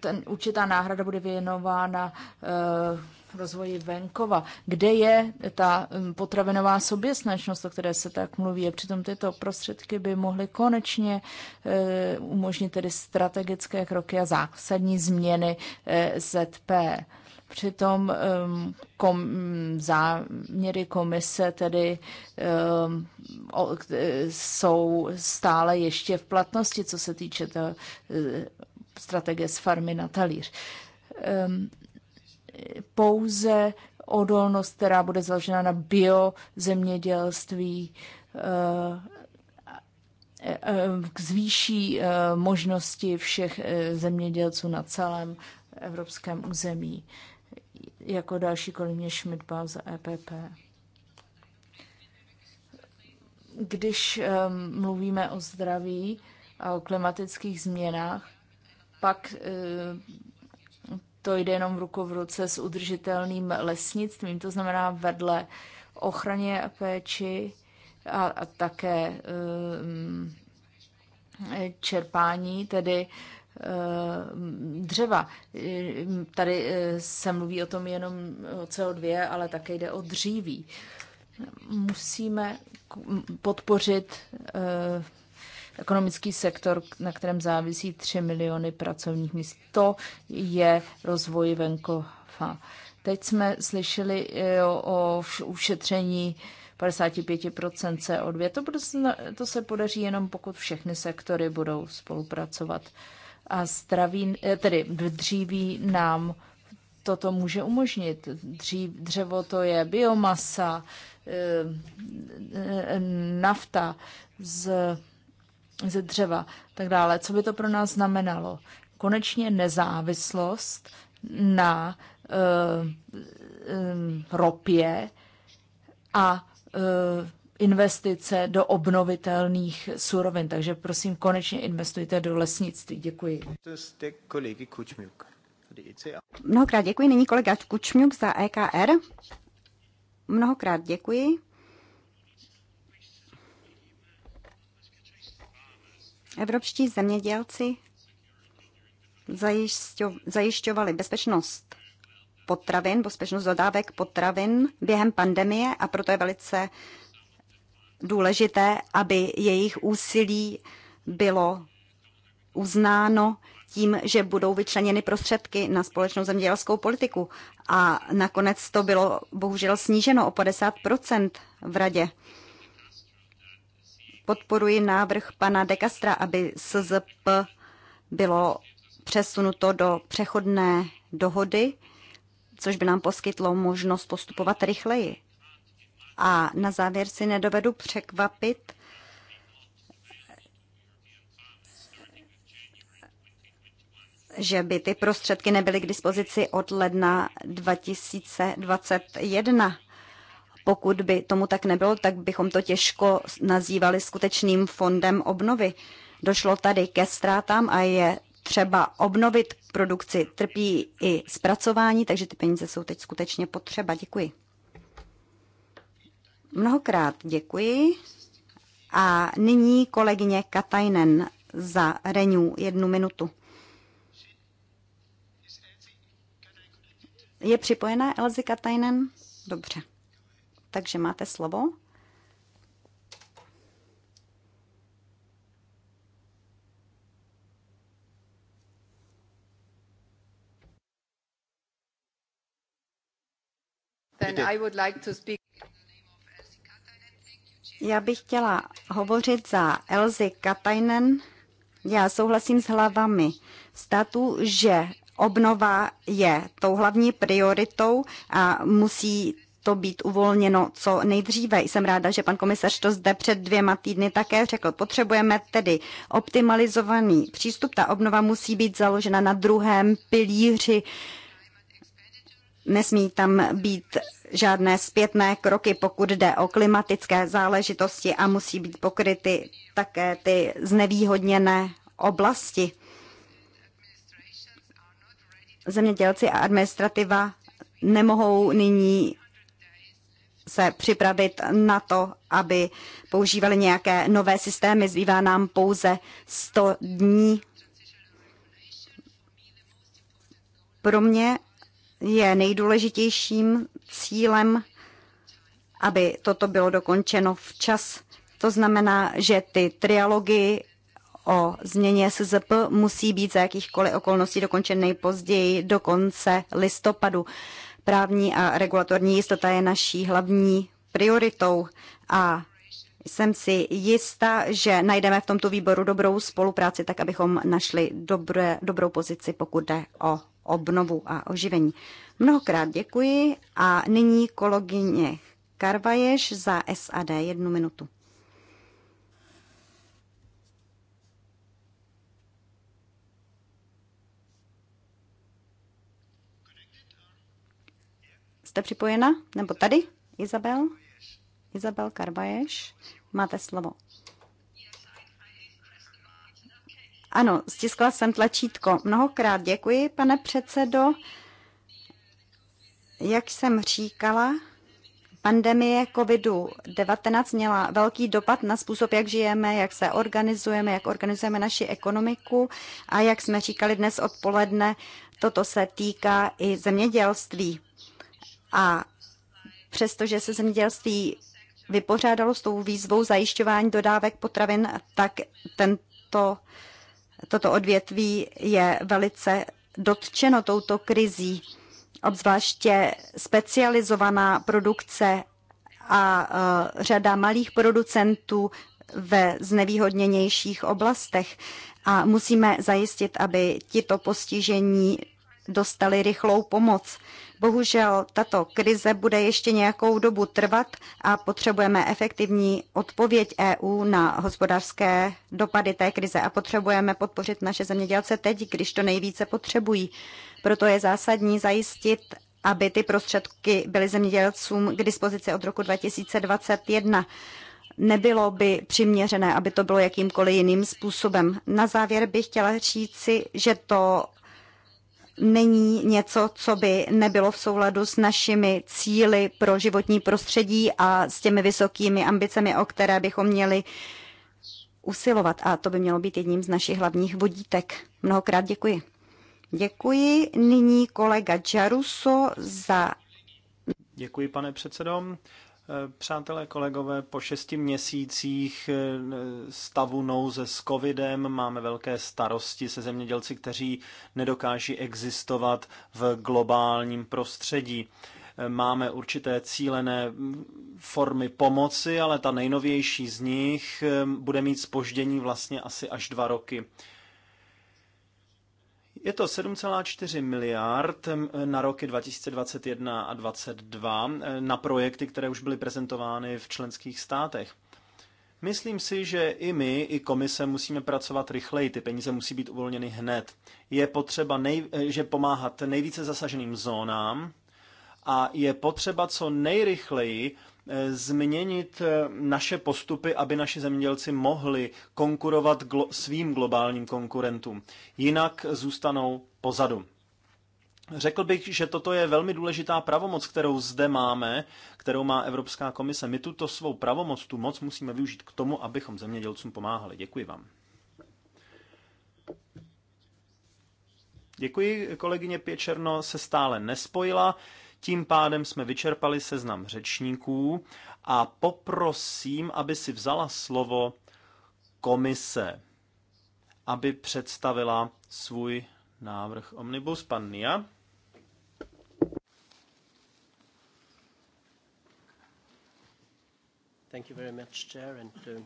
ten, určitá náhrada bude věnována eh, rozvoji venkova, kde je ta mm, potravinová soběstačnost, o které se tak mluví. A přitom tyto prostředky by mohly konečně eh, umožnit tedy strategické kroky a zásadní změny eh, ZP. Přitom um, kom, mm, záměry komise tedy um, o, eh, jsou stále ještě v platnosti, co se týče té strategie z farmy na talíř. Um, pouze odolnost, která bude založena na biozemědělství, eh, eh, zvýší eh, možnosti všech zemědělců na celém evropském území. Jako další kolegyně Schmidbau za EPP. Když mluvíme o zdraví a o klimatických změnách, pak to jde jenom v ruku v ruce s udržitelným lesnictvím, to znamená vedle ochraně a péči a, a také e, čerpání, tedy eh, dřeva. Tady eh, se mluví o tom jenom o CO2, ale také jde o dříví. Musíme podpořit ekonomický sektor, na kterém závisí 3 miliony pracovních míst. To je rozvoj venkova. Teď jsme slyšeli eh, o ušetření 55% CO2. To, bude, to se podaří jenom pokud všechny sektory budou spolupracovat. A zdraví, eh, tedy dříví nám toto může umožnit. Dřív, dřevo to je biomasa, eh, nafta z ze dřeva, tak dále. Co by to pro nás znamenalo? Konečně nezávislost na uh, um, ropě a uh, investice do obnovitelných surovin. Takže prosím, konečně investujte do lesnictví. Děkuji. Mnohokrát děkuji. Nyní kolega Kučmiuk za EKR. Mnohokrát děkuji. Evropští zemědělci zajišťovali bezpečnost potravin, bezpečnost dodávek potravin během pandemie a proto je velice důležité, aby jejich úsilí bylo uznáno tím, že budou vyčleněny prostředky na společnou zemědělskou politiku. A nakonec to bylo bohužel sníženo o 50 v radě podporuji návrh pana De Castra, aby SZP bylo přesunuto do přechodné dohody, což by nám poskytlo možnost postupovat rychleji. A na závěr si nedovedu překvapit, že by ty prostředky nebyly k dispozici od ledna 2021. Pokud by tomu tak nebylo, tak bychom to těžko nazývali skutečným fondem obnovy. Došlo tady ke ztrátám a je třeba obnovit produkci. Trpí i zpracování, takže ty peníze jsou teď skutečně potřeba. Děkuji. Mnohokrát děkuji. A nyní kolegyně Katajnen za Renew jednu minutu. Je připojená Elzy Katajnen? Dobře. Takže máte slovo. Já bych chtěla hovořit za Elzy Katainen. Já souhlasím s hlavami statu, že obnova je tou hlavní prioritou a musí to být uvolněno co nejdříve. Jsem ráda, že pan komisař to zde před dvěma týdny také řekl. Potřebujeme tedy optimalizovaný přístup. Ta obnova musí být založena na druhém pilíři. Nesmí tam být žádné zpětné kroky, pokud jde o klimatické záležitosti a musí být pokryty také ty znevýhodněné oblasti. Zemědělci a administrativa nemohou nyní se připravit na to, aby používali nějaké nové systémy. Zbývá nám pouze 100 dní. Pro mě je nejdůležitějším cílem, aby toto bylo dokončeno včas. To znamená, že ty trialogy o změně SZP musí být za jakýchkoliv okolností dokončen nejpozději do konce listopadu. Právní a regulatorní jistota je naší hlavní prioritou a jsem si jista, že najdeme v tomto výboru dobrou spolupráci, tak abychom našli dobré, dobrou pozici, pokud jde o obnovu a oživení. Mnohokrát děkuji a nyní kolegyně Karvaješ za SAD jednu minutu. Jste připojena? Nebo tady? Izabel? Izabel Karbaješ? Máte slovo. Ano, stiskla jsem tlačítko. Mnohokrát děkuji, pane předsedo. Jak jsem říkala, pandemie COVID-19 měla velký dopad na způsob, jak žijeme, jak se organizujeme, jak organizujeme naši ekonomiku a jak jsme říkali dnes odpoledne, toto se týká i zemědělství. A přestože se zemědělství vypořádalo s tou výzvou zajišťování dodávek potravin, tak tento, toto odvětví je velice dotčeno touto krizí, obzvláště specializovaná produkce a e, řada malých producentů ve znevýhodněnějších oblastech. A musíme zajistit, aby tito postižení dostali rychlou pomoc. Bohužel tato krize bude ještě nějakou dobu trvat a potřebujeme efektivní odpověď EU na hospodářské dopady té krize a potřebujeme podpořit naše zemědělce teď, když to nejvíce potřebují. Proto je zásadní zajistit, aby ty prostředky byly zemědělcům k dispozici od roku 2021 nebylo by přiměřené, aby to bylo jakýmkoliv jiným způsobem. Na závěr bych chtěla říci, že to není něco, co by nebylo v souladu s našimi cíly pro životní prostředí a s těmi vysokými ambicemi, o které bychom měli usilovat. A to by mělo být jedním z našich hlavních vodítek. Mnohokrát děkuji. Děkuji. Nyní kolega Jaruso za. Děkuji, pane předsedo. Eh, přátelé, kolegové, po šesti měsících eh, stavu nouze s covidem máme velké starosti se zemědělci, kteří nedokáží existovat v globálním prostředí. Eh, máme určité cílené mm, formy pomoci, ale ta nejnovější z nich bude mít spoždění vlastně asi až dva roky. Je to 7,4 miliard na roky 2021 a 2022 na projekty, které už byly prezentovány v členských státech. Myslím si, že i my, i komise musíme pracovat rychleji, ty peníze musí být uvolněny hned. Je potřeba nej, e, že pomáhat nejvíce zasaženým zónám a je potřeba co nejrychleji změnit eh, naše postupy, aby naši zemědělci mohli konkurovat glo- svým globálním konkurentům. Jinak zůstanou pozadu. Řekl bych, že toto je velmi důležitá pravomoc, kterou zde máme, kterou má Evropská komise. My tuto svou pravomoc, tu moc musíme využít k tomu, abychom zemědělcům pomáhali. Děkuji vám. Děkuji, kolegyně Pěčerno se stále nespojila. Tím pádem jsme vyčerpali seznam řečníků a poprosím, aby si vzala slovo komise, aby představila svůj návrh Omnibus. Pan Nia. Thank you very much, Chair, and, uh...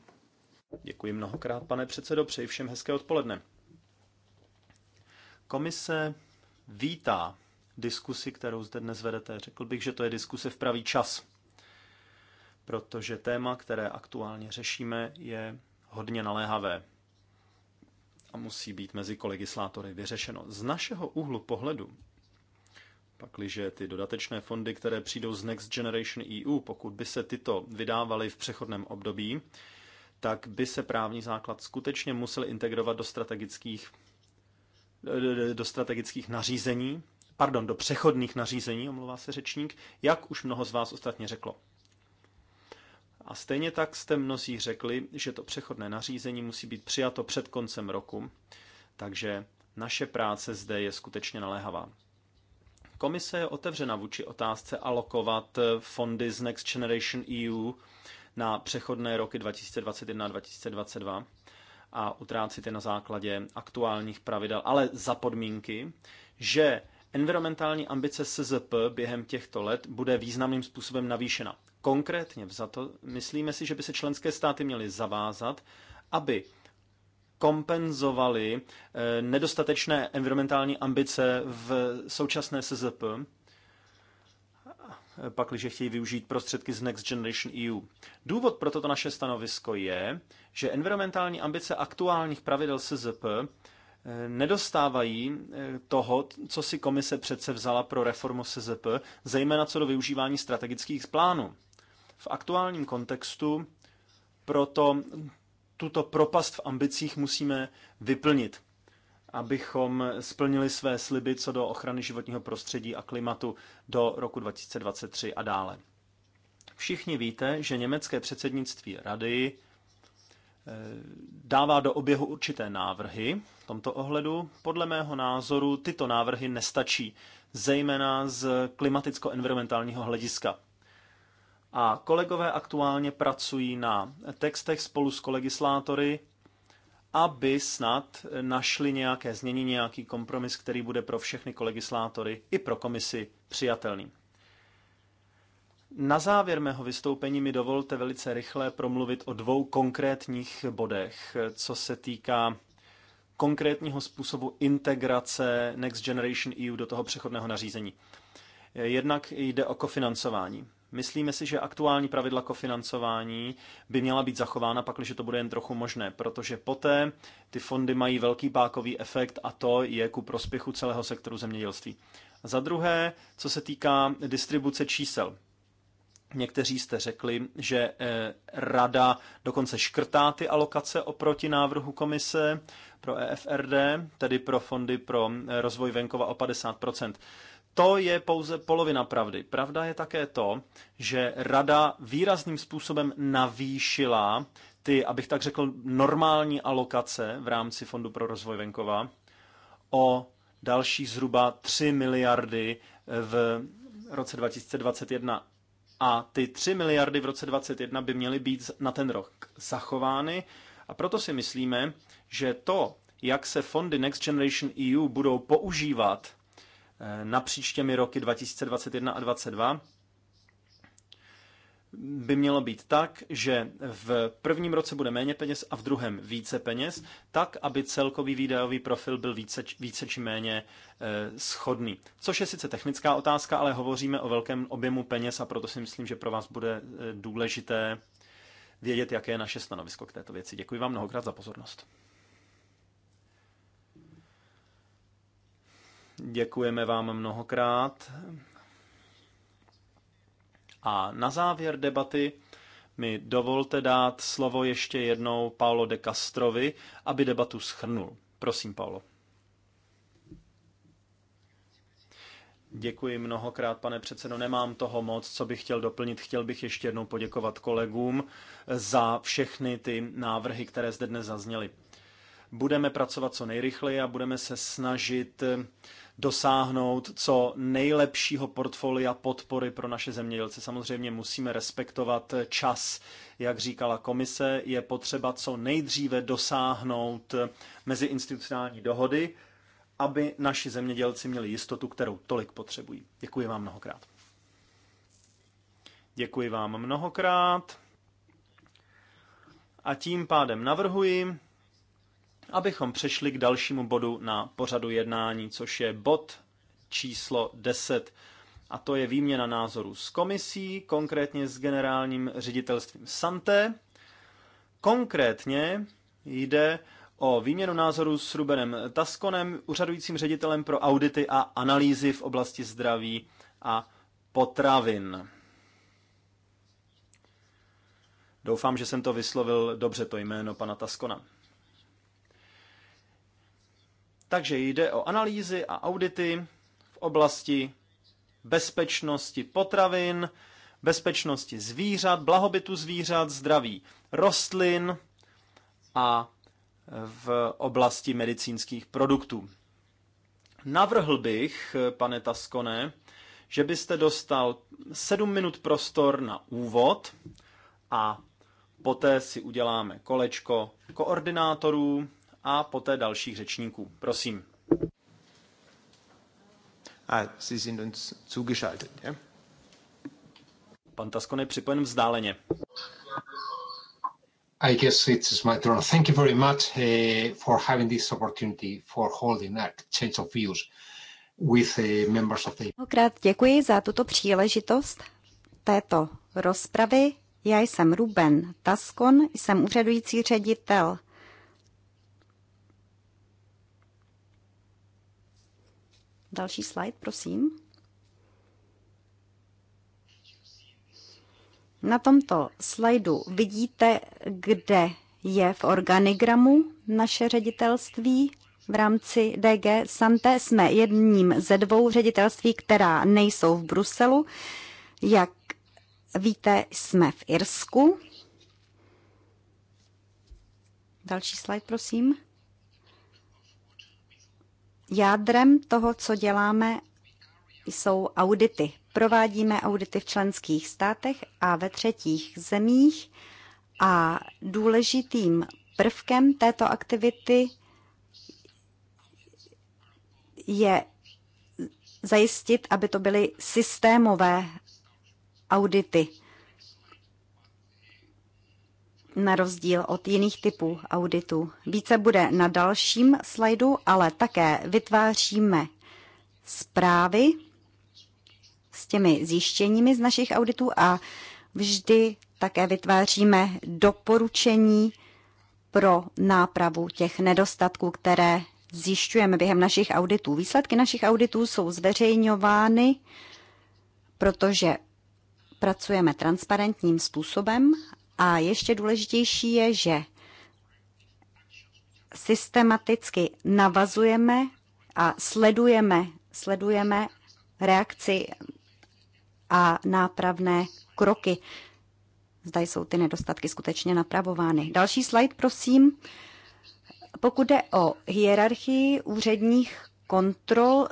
Děkuji mnohokrát, pane předsedo, přeji všem hezké odpoledne. Komise vítá diskusi, kterou zde dnes vedete. Řekl bych, že to je diskuse v pravý čas, protože téma, které aktuálně řešíme, je hodně naléhavé a musí být mezi kolegislátory vyřešeno. Z našeho úhlu pohledu, pakliže ty dodatečné fondy, které přijdou z Next Generation EU, pokud by se tyto vydávaly v přechodném období, tak by se právní základ skutečně musel integrovat do strategických, do strategických nařízení pardon, do přechodných nařízení, omlouvá se řečník, jak už mnoho z vás ostatně řeklo. A stejně tak jste mnozí řekli, že to přechodné nařízení musí být přijato před koncem roku, takže naše práce zde je skutečně naléhavá. Komise je otevřena vůči otázce alokovat fondy z Next Generation EU na přechodné roky 2021 a 2022 a utrácit je na základě aktuálních pravidel, ale za podmínky, že Environmentální ambice SZP během těchto let bude významným způsobem navýšena. Konkrétně vzato myslíme si, že by se členské státy měly zavázat, aby kompenzovali eh, nedostatečné environmentální ambice v současné SZP, eh, pakliže chtějí využít prostředky z Next Generation EU. Důvod pro toto naše stanovisko je, že environmentální ambice aktuálních pravidel SZP nedostávají eh, toho, co si komise přece vzala pro reformu SZP, zejména co do využívání strategických plánů. V aktuálním kontextu proto tuto propast v ambicích musíme vyplnit, abychom splnili své sliby co do ochrany životního prostředí a klimatu do roku 2023 a dále. Všichni víte, že německé předsednictví rady Eh, dává do oběhu určité návrhy. V tomto ohledu, podle mého názoru, tyto návrhy nestačí, zejména z klimaticko-environmentálního hlediska. A kolegové aktuálně pracují na textech spolu s kolegislátory, aby snad našli nějaké znění, nějaký kompromis, který bude pro všechny kolegislátory i pro komisi přijatelný. Na závěr mého vystoupení mi dovolte velice rychle promluvit o dvou konkrétních bodech, co se týká konkrétního způsobu integrace Next Generation EU do toho přechodného nařízení. Jednak jde o kofinancování. Myslíme si, že aktuální pravidla kofinancování by měla být zachována, pakliže to bude jen trochu možné, protože poté ty fondy mají velký pákový efekt a to je ku prospěchu celého sektoru zemědělství. Za druhé, co se týká distribuce čísel. Někteří jste řekli, že eh, rada dokonce škrtá ty alokace oproti návrhu komise pro EFRD, tedy pro fondy pro eh, rozvoj venkova o 50 to je pouze polovina pravdy. Pravda je také to, že rada výrazným způsobem navýšila ty, abych tak řekl, normální alokace v rámci Fondu pro rozvoj venkova o další zhruba 3 miliardy eh, v roce 2021 a ty 3 miliardy v roce 2021 by měly být na ten rok zachovány a proto si myslíme, že to, jak se fondy Next Generation EU budou používat eh, napříč těmi roky 2021 a 2022, by mělo být tak, že v prvním roce bude méně peněz a v druhém více peněz, tak, aby celkový výdajový profil byl více, více či méně e, schodný. Což je sice technická otázka, ale hovoříme o velkém objemu peněz a proto si myslím, že pro vás bude e, důležité vědět, jaké je naše stanovisko k této věci. Děkuji vám mnohokrát za pozornost. Děkujeme vám mnohokrát. A na závěr debaty mi dovolte dát slovo ještě jednou Paolo de Castrovi, aby debatu schrnul. Prosím, Paolo. Děkuji mnohokrát, pane předsedo. Nemám toho moc, co bych chtěl doplnit. Chtěl bych ještě jednou poděkovat kolegům za všechny ty návrhy, které zde dnes zazněly. Budeme pracovat co nejrychleji a budeme se snažit dosáhnout co nejlepšího portfolia podpory pro naše zemědělce. Samozřejmě musíme respektovat čas, jak říkala komise, je potřeba co nejdříve dosáhnout meziinstitucionální dohody, aby naši zemědělci měli jistotu, kterou tolik potřebují. Děkuji vám mnohokrát. Děkuji vám mnohokrát. A tím pádem navrhuji, abychom přešli k dalšímu bodu na pořadu jednání, což je bod číslo 10. A to je výměna názorů s komisí, konkrétně s generálním ředitelstvím Santé. Konkrétně jde o výměnu názorů s Rubenem Taskonem, úřadujícím ředitelem pro audity a analýzy v oblasti zdraví a potravin. Doufám, že jsem to vyslovil dobře, to jméno pana Taskona. Takže jde o analýzy a audity v oblasti bezpečnosti potravin, bezpečnosti zvířat, blahobytu zvířat, zdraví rostlin a v oblasti medicínských produktů. Navrhl bych, pane Taskone, že byste dostal 7 minut prostor na úvod a poté si uděláme kolečko koordinátorů a poté dalších řečníků. Prosím. A ah, Sie sind uns zugeschaltet, ja? Pan Taskon je připojen vzdáleně. I guess it's my turn. Thank you very much uh, for having this opportunity for holding a change of views with the eh, members of the... Mnohokrát děkuji za tuto příležitost této rozpravy. Já jsem Ruben Taskon, jsem úřadující ředitel Další slide, prosím. Na tomto slajdu vidíte, kde je v organigramu naše ředitelství. V rámci DG Santé jsme jedním ze dvou ředitelství, která nejsou v Bruselu. Jak víte, jsme v Irsku. Další slide, prosím. Jádrem toho, co děláme, jsou audity. Provádíme audity v členských státech a ve třetích zemích a důležitým prvkem této aktivity je zajistit, aby to byly systémové audity na rozdíl od jiných typů auditů. Více bude na dalším slajdu, ale také vytváříme zprávy s těmi zjištěními z našich auditů a vždy také vytváříme doporučení pro nápravu těch nedostatků, které zjišťujeme během našich auditů. Výsledky našich auditů jsou zveřejňovány, protože pracujeme transparentním způsobem a ještě důležitější je, že systematicky navazujeme a sledujeme, sledujeme reakci a nápravné kroky. Zda jsou ty nedostatky skutečně napravovány. Další slide, prosím. Pokud jde o hierarchii úředních kontrol,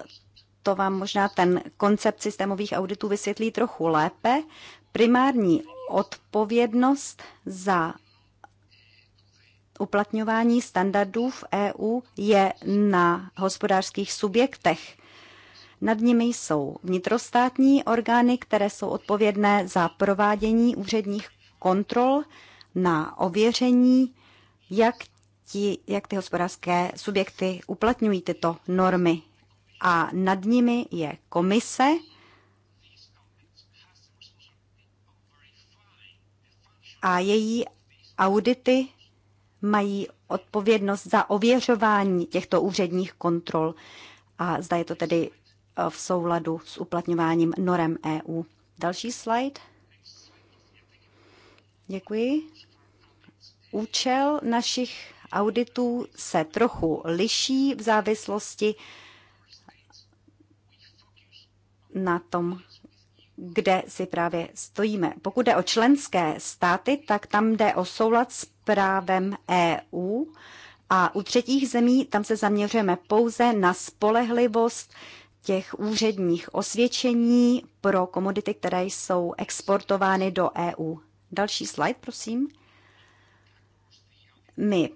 to vám možná ten koncept systémových auditů vysvětlí trochu lépe. Primární odpovědnost za uplatňování standardů v EU je na hospodářských subjektech. Nad nimi jsou vnitrostátní orgány, které jsou odpovědné za provádění úředních kontrol na ověření, jak, ti, jak ty hospodářské subjekty uplatňují tyto normy a nad nimi je komise, a její audity mají odpovědnost za ověřování těchto úředních kontrol a zda je to tedy eh, v souladu s uplatňováním norem EU. Další slide. Děkuji. Účel našich auditů se trochu liší v závislosti na tom, kde si právě stojíme. Pokud jde o členské státy, tak tam jde o soulad s právem EU a u třetích zemí tam se zaměřujeme pouze na spolehlivost těch úředních osvědčení pro komodity, které jsou exportovány do EU. Další slide, prosím. My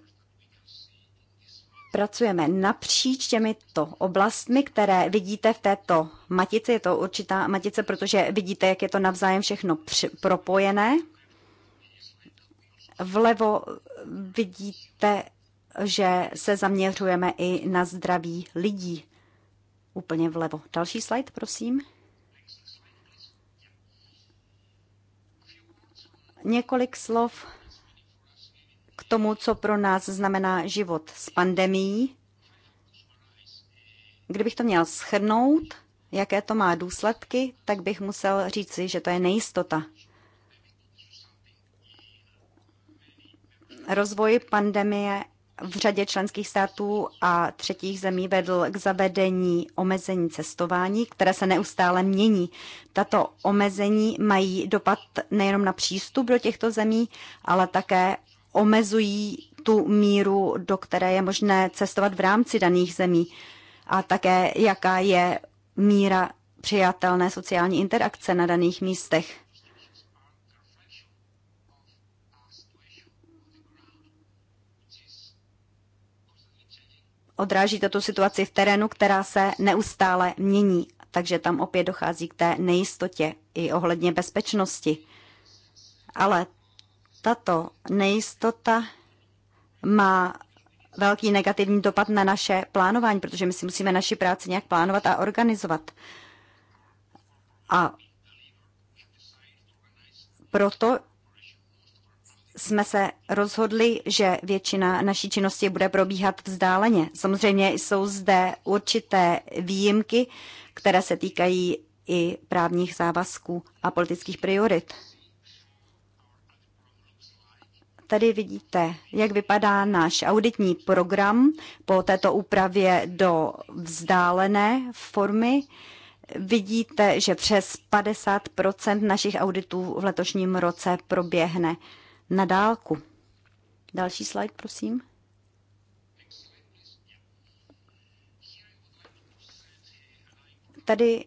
pracujeme napříč těmito oblastmi, které vidíte v této matici. Je to určitá matice, protože vidíte, jak je to navzájem všechno propojené. Vlevo vidíte, že se zaměřujeme i na zdraví lidí. Úplně vlevo. Další slide, prosím. Několik slov k tomu, co pro nás znamená život s pandemí. Kdybych to měl schrnout, jaké to má důsledky, tak bych musel říci, že to je nejistota. Rozvoj pandemie v řadě členských států a třetích zemí vedl k zavedení omezení cestování, které se neustále mění. Tato omezení mají dopad nejenom na přístup do těchto zemí, ale také omezují tu míru, do které je možné cestovat v rámci daných zemí a také jaká je míra přijatelné sociální interakce na daných místech. Odráží to tu situaci v terénu, která se neustále mění, takže tam opět dochází k té nejistotě i ohledně bezpečnosti. Ale tato nejistota má velký negativní dopad na naše plánování, protože my si musíme naši práci nějak plánovat a organizovat. A proto jsme se rozhodli, že většina naší činnosti bude probíhat vzdáleně. Samozřejmě jsou zde určité výjimky, které se týkají i právních závazků a politických priorit. Tady vidíte, jak vypadá náš auditní program po této úpravě do vzdálené formy. Vidíte, že přes 50 našich auditů v letošním roce proběhne na dálku. Další slide, prosím. Tady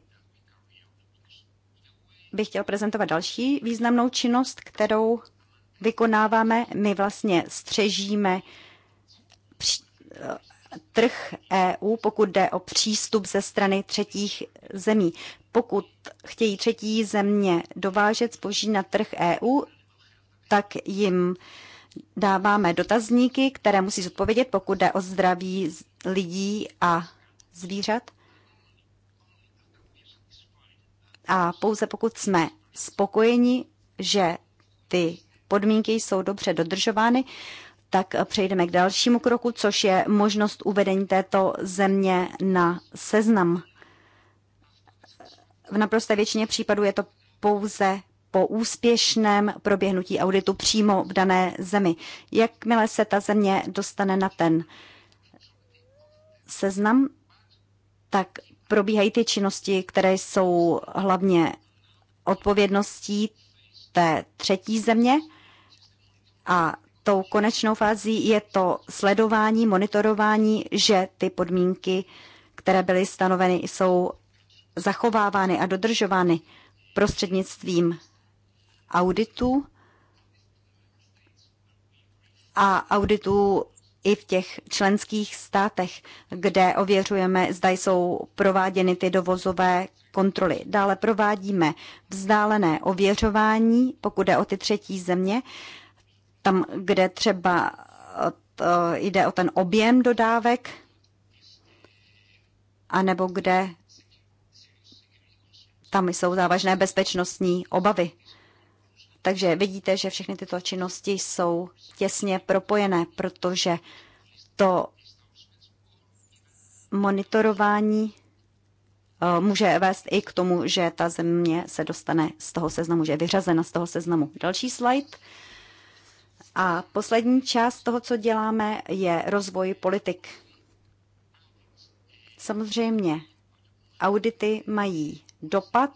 bych chtěl prezentovat další významnou činnost, kterou vykonáváme. My vlastně střežíme trh EU, pokud jde o přístup ze strany třetích zemí. Pokud chtějí třetí země dovážet zboží na trh EU, tak jim dáváme dotazníky, které musí zodpovědět, pokud jde o zdraví lidí a zvířat. A pouze pokud jsme spokojeni, že ty podmínky jsou dobře dodržovány, tak přejdeme k dalšímu kroku, což je možnost uvedení této země na seznam. V naprosté většině případů je to pouze po úspěšném proběhnutí auditu přímo v dané zemi. Jakmile se ta země dostane na ten seznam, tak probíhají ty činnosti, které jsou hlavně odpovědností té třetí země a tou konečnou fází je to sledování, monitorování, že ty podmínky, které byly stanoveny, jsou zachovávány a dodržovány prostřednictvím auditu a auditů i v těch členských státech, kde ověřujeme, zda jsou prováděny ty dovozové kontroly. Dále provádíme vzdálené ověřování, pokud je o ty třetí země, tam, kde třeba to eh, jde o ten objem dodávek, anebo kde tam jsou závažné bezpečnostní obavy. Takže vidíte, že všechny tyto činnosti jsou těsně propojené, protože to monitorování eh, může vést i k tomu, že ta země se dostane z toho seznamu, že je vyřazena z toho seznamu. Další slide. A poslední část toho, co děláme, je rozvoj politik. Samozřejmě, audity mají dopad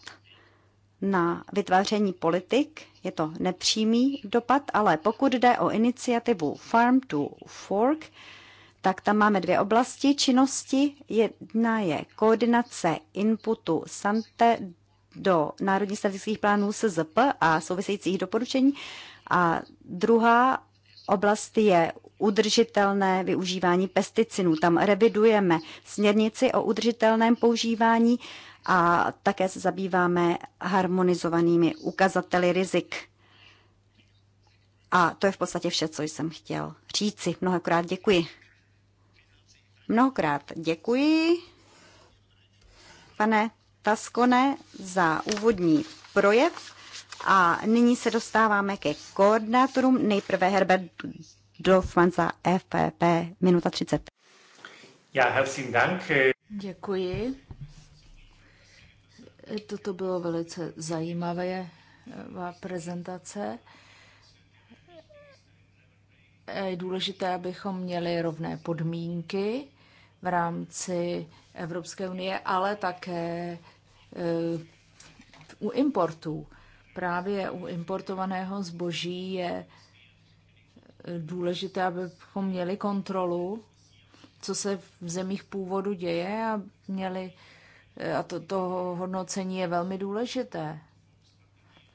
na vytváření politik, je to nepřímý dopad, ale pokud jde o iniciativu Farm to Fork, tak tam máme dvě oblasti činnosti. Jedna je koordinace inputu Sante do národních statických plánů SZP a souvisejících doporučení a druhá oblast je udržitelné využívání pesticidů. Tam revidujeme směrnici o udržitelném používání a také se zabýváme harmonizovanými ukazateli rizik. A to je v podstatě vše, co jsem chtěl říci. Mnohokrát děkuji. Mnohokrát děkuji, pane Taskone, za úvodní projev. A nyní se dostáváme ke koordinátorům. Nejprve Herbert Dolfman za FPP, minuta 30. Já herzlichen Dank. Děkuji. Toto bylo velice zajímavé eh, prezentace. Eh, je důležité, abychom měli rovné podmínky v rámci Evropské unie, ale také eh, u importů právě u importovaného zboží je eh, důležité, abychom měli kontrolu, co se v zemích původu děje a měli eh, a to, to hodnocení je velmi důležité.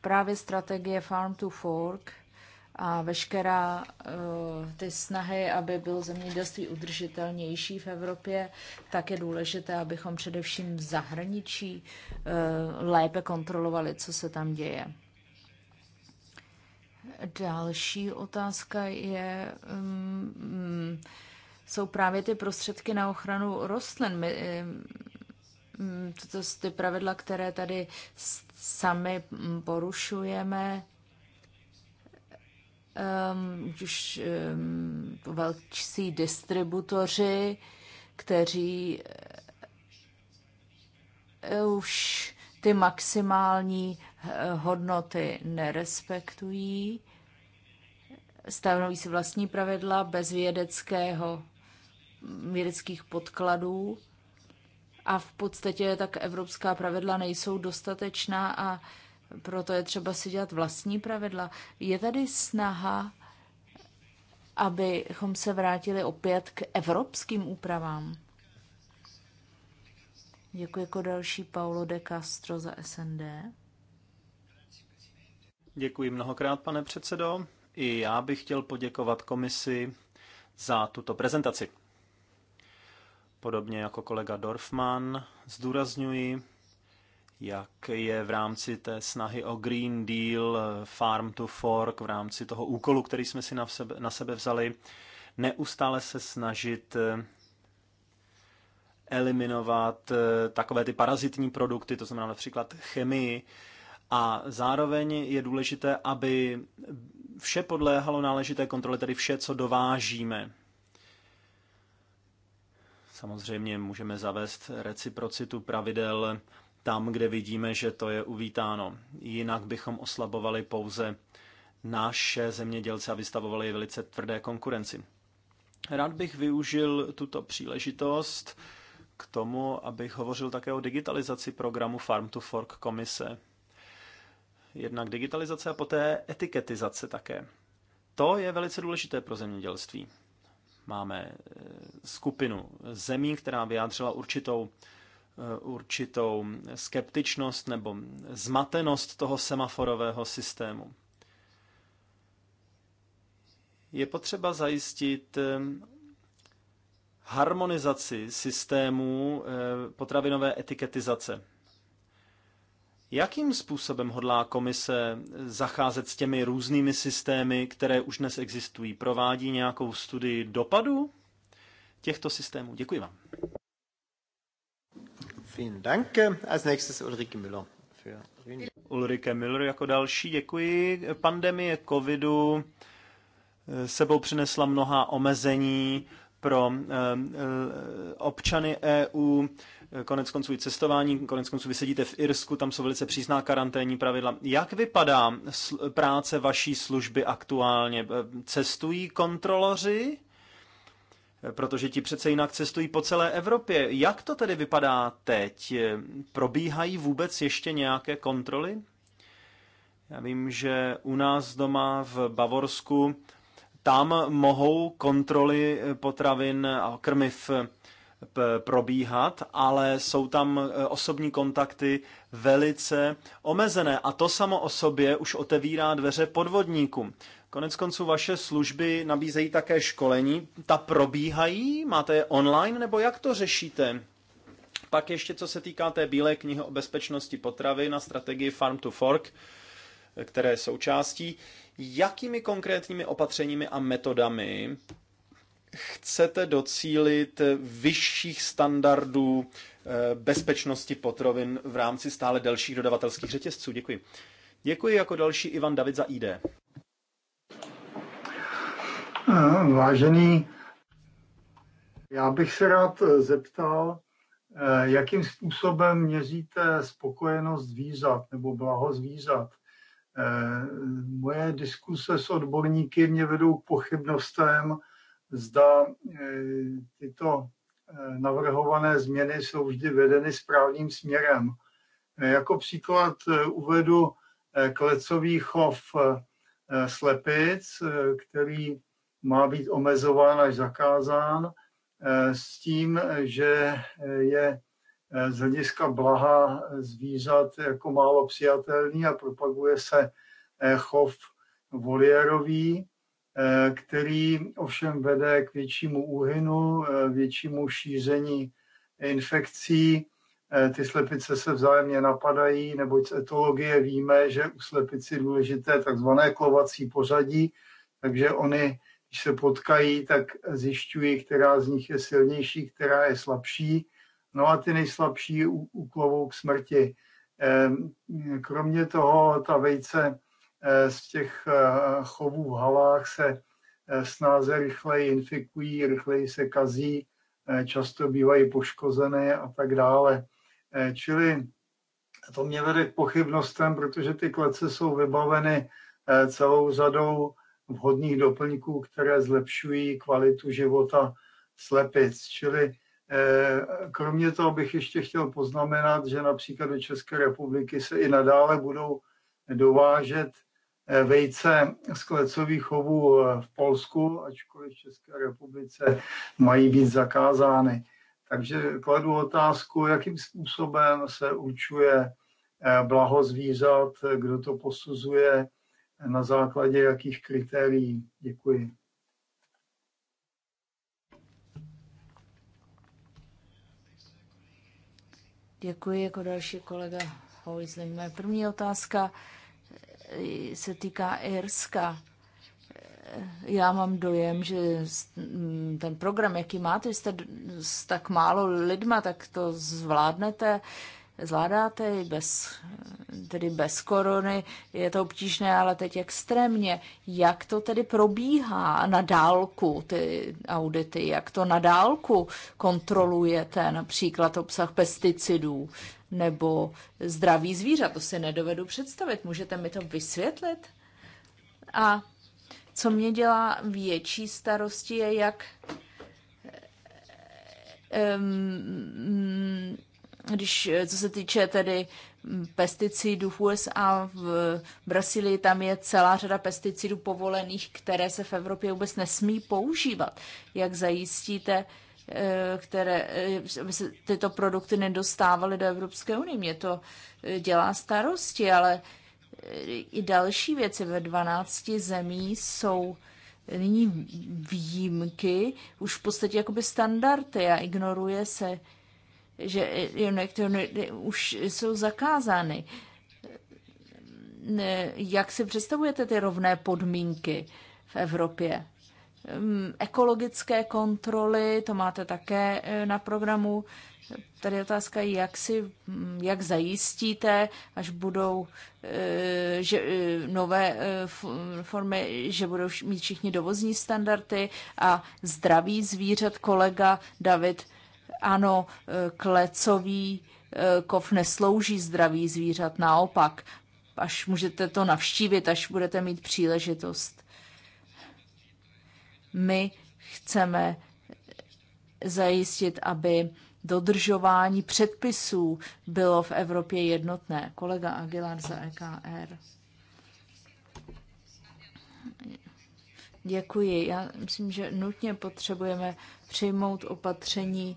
Právě strategie Farm to Fork – a veškerá uh, ty snahy, aby byl zemědělství udržitelnější v Evropě, tak je důležité, abychom především v zahraničí uh, lépe kontrolovali, co se tam děje. Další otázka je, um, jsou právě ty prostředky na ochranu rostlin. My, um, to, jsou ty pravidla, které tady sami mm, porušujeme, um, už um, velcí distributoři, kteří eh, už ty maximální eh, hodnoty nerespektují, stanoví si vlastní pravidla bez vědeckého, vědeckých podkladů a v podstatě tak evropská pravidla nejsou dostatečná a proto je třeba si dělat vlastní pravidla. Je tady snaha, abychom se vrátili opět k evropským úpravám. Děkuji jako další Paulo de Castro za SND. Děkuji mnohokrát, pane předsedo. I já bych chtěl poděkovat komisi za tuto prezentaci. Podobně jako kolega Dorfman zdůrazňuji, jak je v rámci té snahy o Green Deal, eh, Farm to Fork, v rámci toho úkolu, který jsme si na sebe, na sebe vzali, neustále se snažit eh, eliminovat eh, takové ty parazitní produkty, to znamená například chemii, a zároveň je důležité, aby vše podléhalo náležité kontrole, tedy vše, co dovážíme. Samozřejmě můžeme zavést reciprocitu pravidel tam, kde vidíme, že to je uvítáno. Jinak bychom oslabovali pouze naše zemědělce a vystavovali je velice tvrdé konkurenci. Rád bych využil tuto příležitost k tomu, abych hovořil také o digitalizaci programu Farm to Fork komise. Jednak digitalizace a poté etiketizace také. To je velice důležité pro zemědělství. Máme eh, skupinu zemí, která vyjádřila určitou Eh, určitou skeptičnost nebo zmatenost toho semaforového systému. Je potřeba zajistit eh, harmonizaci systému eh, potravinové etiketizace. Jakým způsobem hodlá komise zacházet s těmi různými systémy, které už dnes existují? Provádí nějakou studii dopadu těchto systémů? Děkuji vám. Vielen Dank. Als nächstes Ulrike Müller. Für... Ulrike Müller jako další, děkuji. Pandemie covidu eh, sebou přinesla mnoha omezení pro eh, eh, občany EU, konec konců i cestování, konec konců vy sedíte v Irsku, tam jsou velice přísná karanténní pravidla. Jak vypadá práce vaší služby aktuálně? Cestují kontroloři? protože ti přece jinak cestují po celé Evropě. Jak to tedy vypadá teď? Probíhají vůbec ještě nějaké kontroly? Já vím, že u nás doma v Bavorsku tam mohou kontroly potravin a krmiv eh, probíhat, ale jsou tam eh, osobní kontakty velice omezené a to samo o sobě už otevírá dveře podvodníkům. Konec konců vaše služby nabízejí také školení. Ta probíhají? Máte je online nebo jak to řešíte? Pak ještě co se týká té bílé knihy o bezpečnosti potravy na strategii Farm to Fork, které je součástí, jakými konkrétními opatřeními a metodami chcete docílit vyšších standardů eh, bezpečnosti potravin v rámci stále delších dodavatelských řetězců? Děkuji. Děkuji jako další Ivan David za ID. Vážený, já bych se rád eh, zeptal, eh, jakým způsobem měříte spokojenost zvířat nebo blaho zvířat. Eh, moje diskuse s odborníky mě vedou k pochybnostem, zda tyto navrhované změny jsou vždy vedeny správným směrem. Jako příklad uvedu klecový chov slepic, který má být omezován až zakázán eh, s tím, že eh, je eh, z hlediska blaha zvířat jako málo přijatelný a propaguje se chov voliérový, který ovšem vede k většímu úhynu, většímu šíření infekcí. Ty slepice se vzájemně napadají, neboť z etologie víme, že u slepici důležité takzvané klovací pořadí, takže oni když se potkají, tak zjišťují, která z nich je silnější, která je slabší. No a ty nejslabší uklovou k smrti. Ehm, kromě toho ta vejce eh, z těch eh, chovů v halách se eh, snáze rychleji infikují, rychleji se kazí, často bývají poškozené a tak dále. Čili to mě vede k pochybnostem, protože ty klece jsou vybaveny celou řadou vhodných doplňků, které zlepšují kvalitu života slepic. Čili eh, kromě toho bych ještě chtěl poznamenat, že například do České republiky se i nadále budou dovážet eh, vejce z klecových chovů eh, v Polsku, ačkoliv v České republice mají být zakázány. Takže kladu otázku, jakým způsobem se určuje blaho zvířat, kdo to posuzuje, na základě jakých kritérií? Děkuji. Děkuji jako další kolega Hovizlin. Moje první otázka eh, se týká Irska. Eh, já mám dojem, že mm, ten program, jaký máte, jste s tak málo lidma, tak to zvládnete zvládáte i bez, tedy bez korony. Je to obtížné, ale teď extrémně. Jak to tedy probíhá na dálku, ty audity? Jak to na dálku kontrolujete, například obsah pesticidů nebo zdraví zvířat? To si nedovedu představit. Můžete mi to vysvětlit? A co mě dělá větší starosti, je jak ehm, když, eh, co se týče tedy mm, pesticidů v USA, v eh, Brazílii tam je celá řada pesticidů povolených, které se v Evropě vůbec nesmí používat. Jak zajistíte, eh, které, aby se tyto produkty nedostávaly do Evropské unie? Mě to dělá starosti, ale i další věci ve 12 zemí jsou nyní výjimky, už v podstatě jakoby standardy a ignoruje se že elektrony už jsou zakázány. Jak si představujete ty rovné podmínky v Evropě? Hm, ekologické kontroly, to máte také e, na programu. Tady je otázka, jak, si, hm, jak zajistíte, až budou e, že, e, nové formy, že budou mít všichni dovozní standardy a zdraví zvířat. Kolega David ano, eh, klecový eh, kov neslouží zdraví zvířat, naopak, až můžete to navštívit, až budete mít příležitost. My chceme zajistit, aby dodržování předpisů bylo v Evropě jednotné. Kolega Aguilar za EKR. Děkuji. Já myslím, že nutně potřebujeme přijmout opatření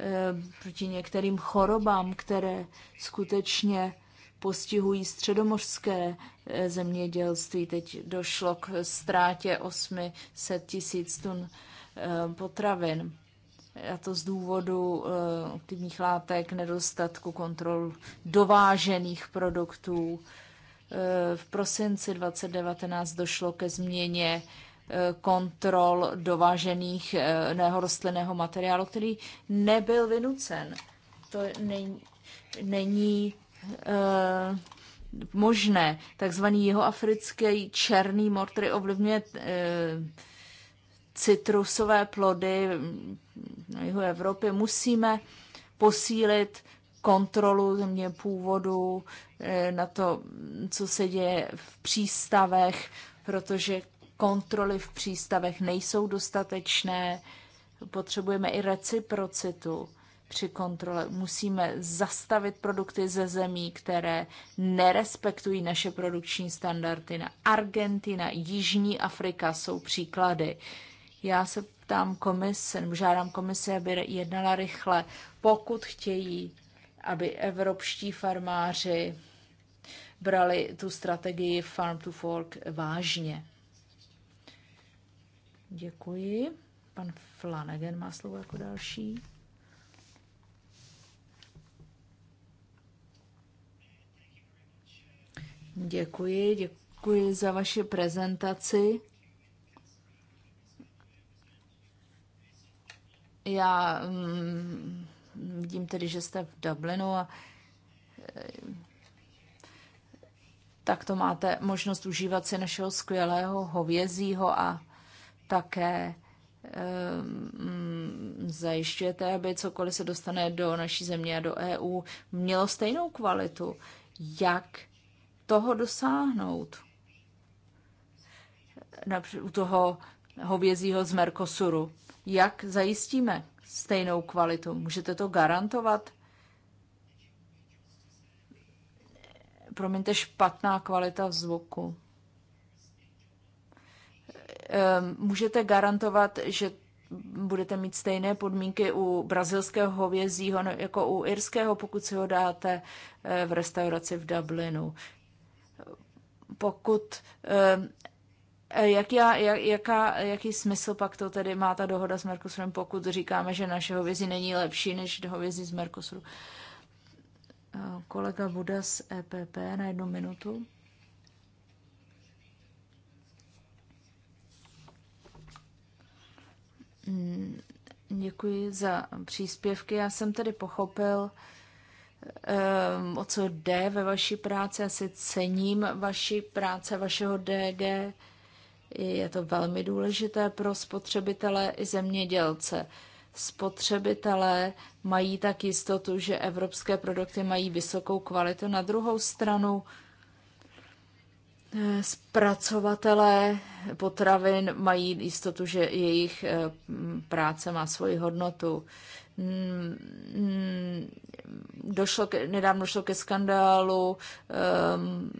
Eh, proti některým chorobám, které skutečně postihují středomořské eh, zemědělství. Teď došlo k ztrátě 800 tisíc tun eh, potravin. A to z důvodu aktivních látek, nedostatku kontrol dovážených produktů. V prosinci 2019 došlo ke změně kontrol dovážených eh, rostlinného materiálu, který nebyl vynucen. To není, není uh, možné. Takzvaný jihoafrický černý mor, který ovlivňuje uh, citrusové plody mm, na jihu Evropy, musíme posílit kontrolu země původu, na to, co se děje v přístavech, protože kontroly v přístavech nejsou dostatečné, potřebujeme i reciprocitu při kontrole. Musíme zastavit produkty ze zemí, které nerespektují naše produkční standardy. Na Argentina, Jižní Afrika jsou příklady. Já se ptám komise, nebo žádám komise, aby jednala rychle, pokud chtějí, aby evropští farmáři brali tu strategii Farm to Fork vážně. Děkuji. Pan Flanagan má slovo jako další. Děkuji, děkuji za vaši prezentaci. Já mm, vidím tedy, že jste v Dublinu a eh, tak to máte možnost užívat si našeho skvělého hovězího a také ehm, zajišťujete, aby cokoliv se dostane do naší země a do EU, mělo stejnou kvalitu. Jak toho dosáhnout? Například u toho hovězího z Mercosuru. Jak zajistíme stejnou kvalitu? Můžete to garantovat? Promiňte, špatná kvalita zvuku. Ehm, můžete garantovat, že budete mít stejné podmínky u brazilského hovězího no, jako u irského, pokud si ho dáte eh, v restauraci v Dublinu. Pokud ehm, eh, jak já, jak, jaká, jaký smysl pak to tedy má ta dohoda s Mercosurem, pokud říkáme, že naše hovězí není lepší než hovězí z Mercosuru? Eh, kolega budas EPP na jednu minutu. Mm, děkuji za příspěvky. Já jsem tedy pochopil, ehm, o co jde ve vaší práci. Já si cením vaší práce, vašeho DG. Je to velmi důležité pro spotřebitele i zemědělce. Spotřebitelé mají tak jistotu, že evropské produkty mají vysokou kvalitu. Na druhou stranu, Eh, zpracovatelé potravin mají jistotu, že jejich eh, práce má svoji hodnotu. Mm, mm, došlo k, nedávno došlo ke skandálu um,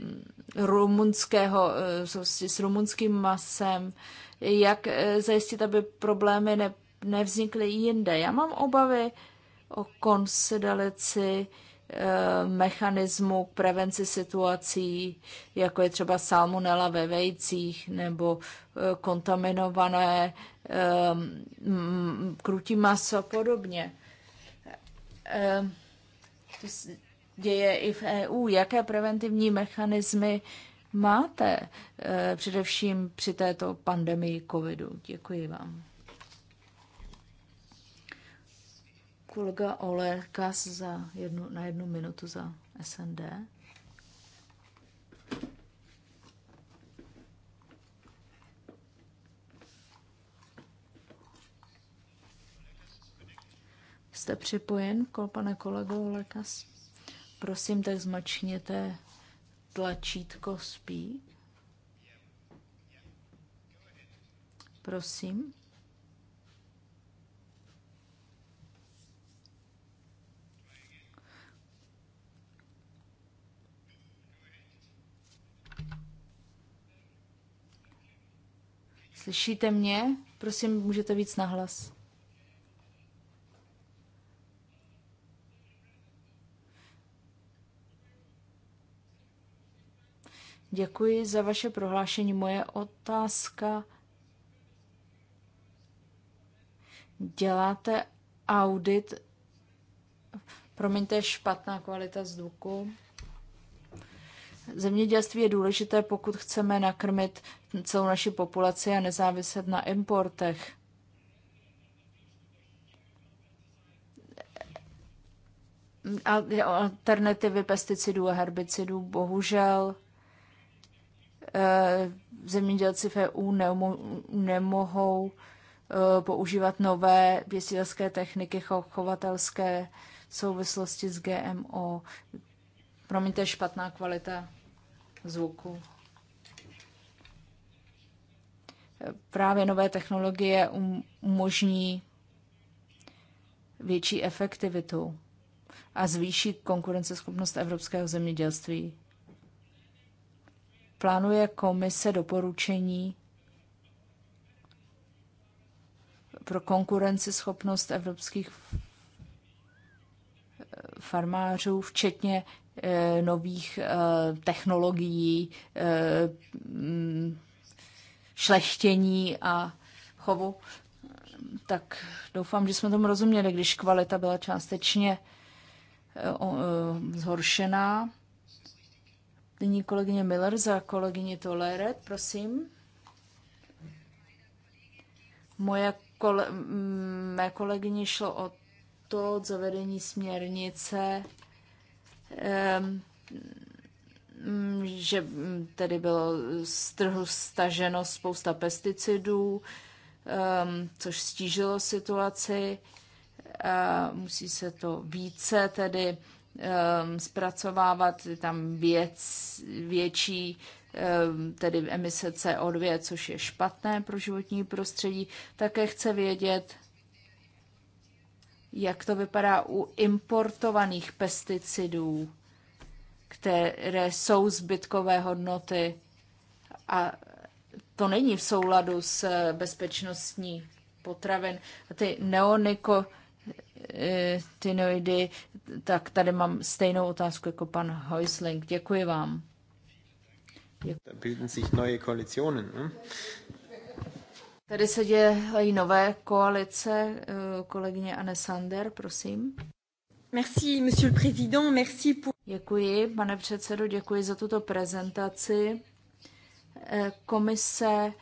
rumunského, eh, s rumunským masem. Jak zajistit, aby problémy ne, nevznikly jinde? Já mám obavy o konsidalici uh, Eh, mechanismu k prevenci situací, jako je třeba salmonella ve vejcích nebo eh, kontaminované eh, krutí maso a podobně. To se děje i v EU. Jaké preventivní mechanismy máte především při této pandemii covidu? Děkuji vám. kolega Ole Kas za jednu, na jednu minutu za SND. Jste připojen, pane kolego Lekas? Prosím, tak zmačkněte tlačítko spí. Prosím. Slyšíte mě? Prosím, můžete víc nahlas. Děkuji za vaše prohlášení. Moje otázka. Děláte audit? Promiňte, špatná kvalita zvuku. Zemědělství je důležité, pokud chceme nakrmit celou naši populaci a nezáviset na importech. Alternativy pesticidů a herbicidů bohužel eh, zemědělci v e EU nemohou eh, používat nové pěstitelské techniky chovatelské v souvislosti s GMO. Promiňte, špatná kvalita zvuku. Právě nové technologie um-, umožní větší efektivitu a zvýší konkurenceschopnost evropského zemědělství. Plánuje komise doporučení pro konkurenceschopnost evropských farmářů, včetně Eh, nových eh, technologií, eh, šlechtění a chovu. Tak doufám, že jsme tomu rozuměli, když kvalita byla částečně zhoršená. Nyní kolegyně Miller za kolegyně Toleret, prosím. Moje kole, mé kolegyně šlo o to zavedení směrnice Ehm, mm, že tedy bylo z trhu staženo spousta pesticidů, ehm, což stížilo situaci. Musí se to více tedy ehm, zpracovávat, tam věc, větší tedy emise CO2, což je špatné pro životní prostředí. Také chce vědět, jak to vypadá u importovaných pesticidů, které jsou zbytkové hodnoty a to není v souladu s bezpečnostní potravin. Ty neonikotinoidy, eh, tak tady mám stejnou otázku jako pan Heusling. Děkuji vám. Da bilden sich neue Koalitionen. Tady se dělají nové koalice. Eh, kolegyně Anne Sander, prosím. Merci, monsieur le président. Merci pour... Děkuji, pane předsedo, děkuji za tuto prezentaci. Eh, komise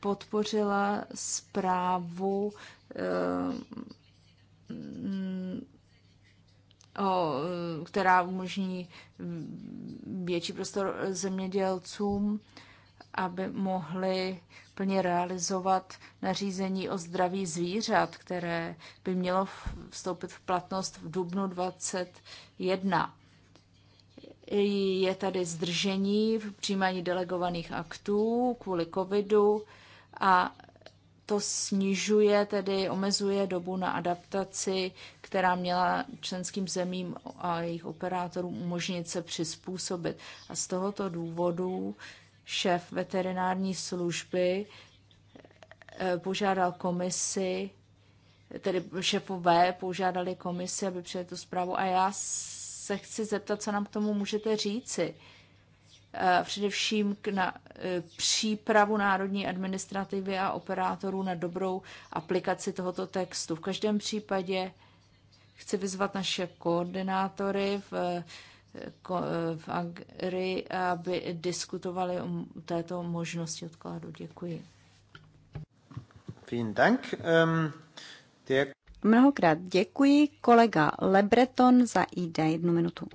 podpořila zprávu eh, která umožní větší prostor zemědělcům, aby mohli plně realizovat nařízení o zdraví zvířat, které by mělo vstoupit v platnost v dubnu 2021. Je tady zdržení v přijímání delegovaných aktů kvůli covidu a to snižuje, tedy omezuje dobu na adaptaci, která měla členským zemím a jejich operátorům umožnit se přizpůsobit. A z tohoto důvodu šéf veterinární služby eh, požádal komisi, tedy šéfové požádali komisi, aby přijeli tu zprávu a já se chci zeptat, co nám k tomu můžete říci. Eh, především k na eh, přípravu národní administrativy a operátorů na dobrou aplikaci tohoto textu. V každém případě chci vyzvat naše koordinátory v v Agri, aby diskutovali o této možnosti odkladu. Děkuji. Vielen Dank. Ähm, Mnohokrát děkuji kolega Lebreton za ID jednu minutu.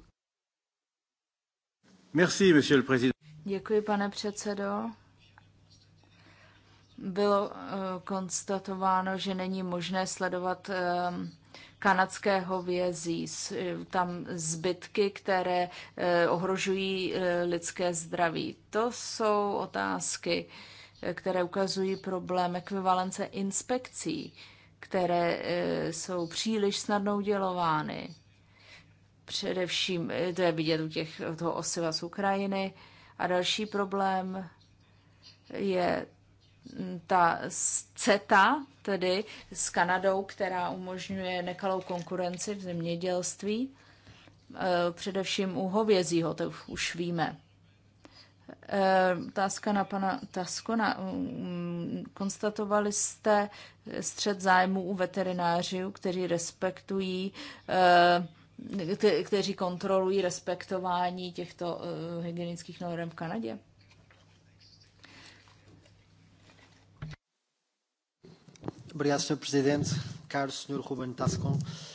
Merci, monsieur le président. Děkuji, pane předsedo. Bylo eh, konstatováno, že není možné sledovat uh, kanadského vězí. Eh, tam zbytky, které eh, ohrožují eh, lidské zdraví. To jsou otázky, které ukazují problém ekvivalence inspekcí, které jsou příliš snadno udělovány. Především, to je vidět u těch, toho osiva z Ukrajiny. A další problém je ta CETA, tedy s Kanadou, která umožňuje nekalou konkurenci v zemědělství, e, především u hovězího, to už víme. Otázka e, na pana Taskona. Mm, konstatovali jste střed zájmu u veterinářů, kteří respektují, e, kteří kontrolují respektování těchto hygienických norm v Kanadě? Sr. Presidente. Caro Sr. Ruben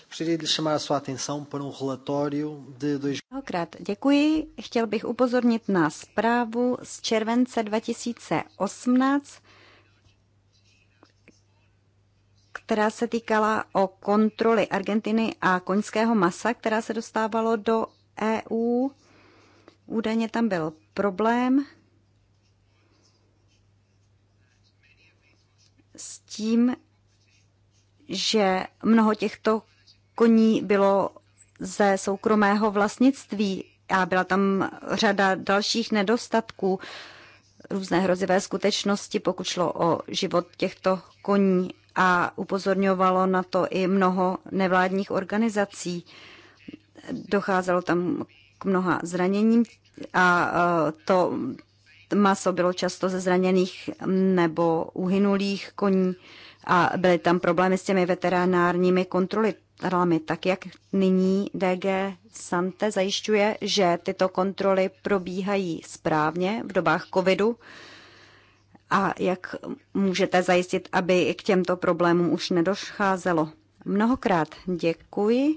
gostaria de chamar a sua atenção para um relatório de... Dois... Mnohokrát děkuji. Chtěl bych upozornit na zprávu z července 2018, která se týkala o kontroly Argentiny a koňského masa, která se dostávalo do EU. Údajně tam byl problém s tím, že mnoho těchto koní bylo ze soukromého vlastnictví a byla tam řada dalších nedostatků, různé hrozivé skutečnosti, pokud šlo o život těchto koní a upozorňovalo na to i mnoho nevládních organizací. Docházelo tam k mnoha zraněním a e, to maso bylo často ze zraněných nebo uhynulých koní a byly tam problémy s těmi veterinárními kontroly. tak jak nyní DG Sante zajišťuje, že tyto kontroly probíhají správně v dobách covidu a jak můžete zajistit, aby k těmto problémům už nedocházelo. Mnohokrát děkuji.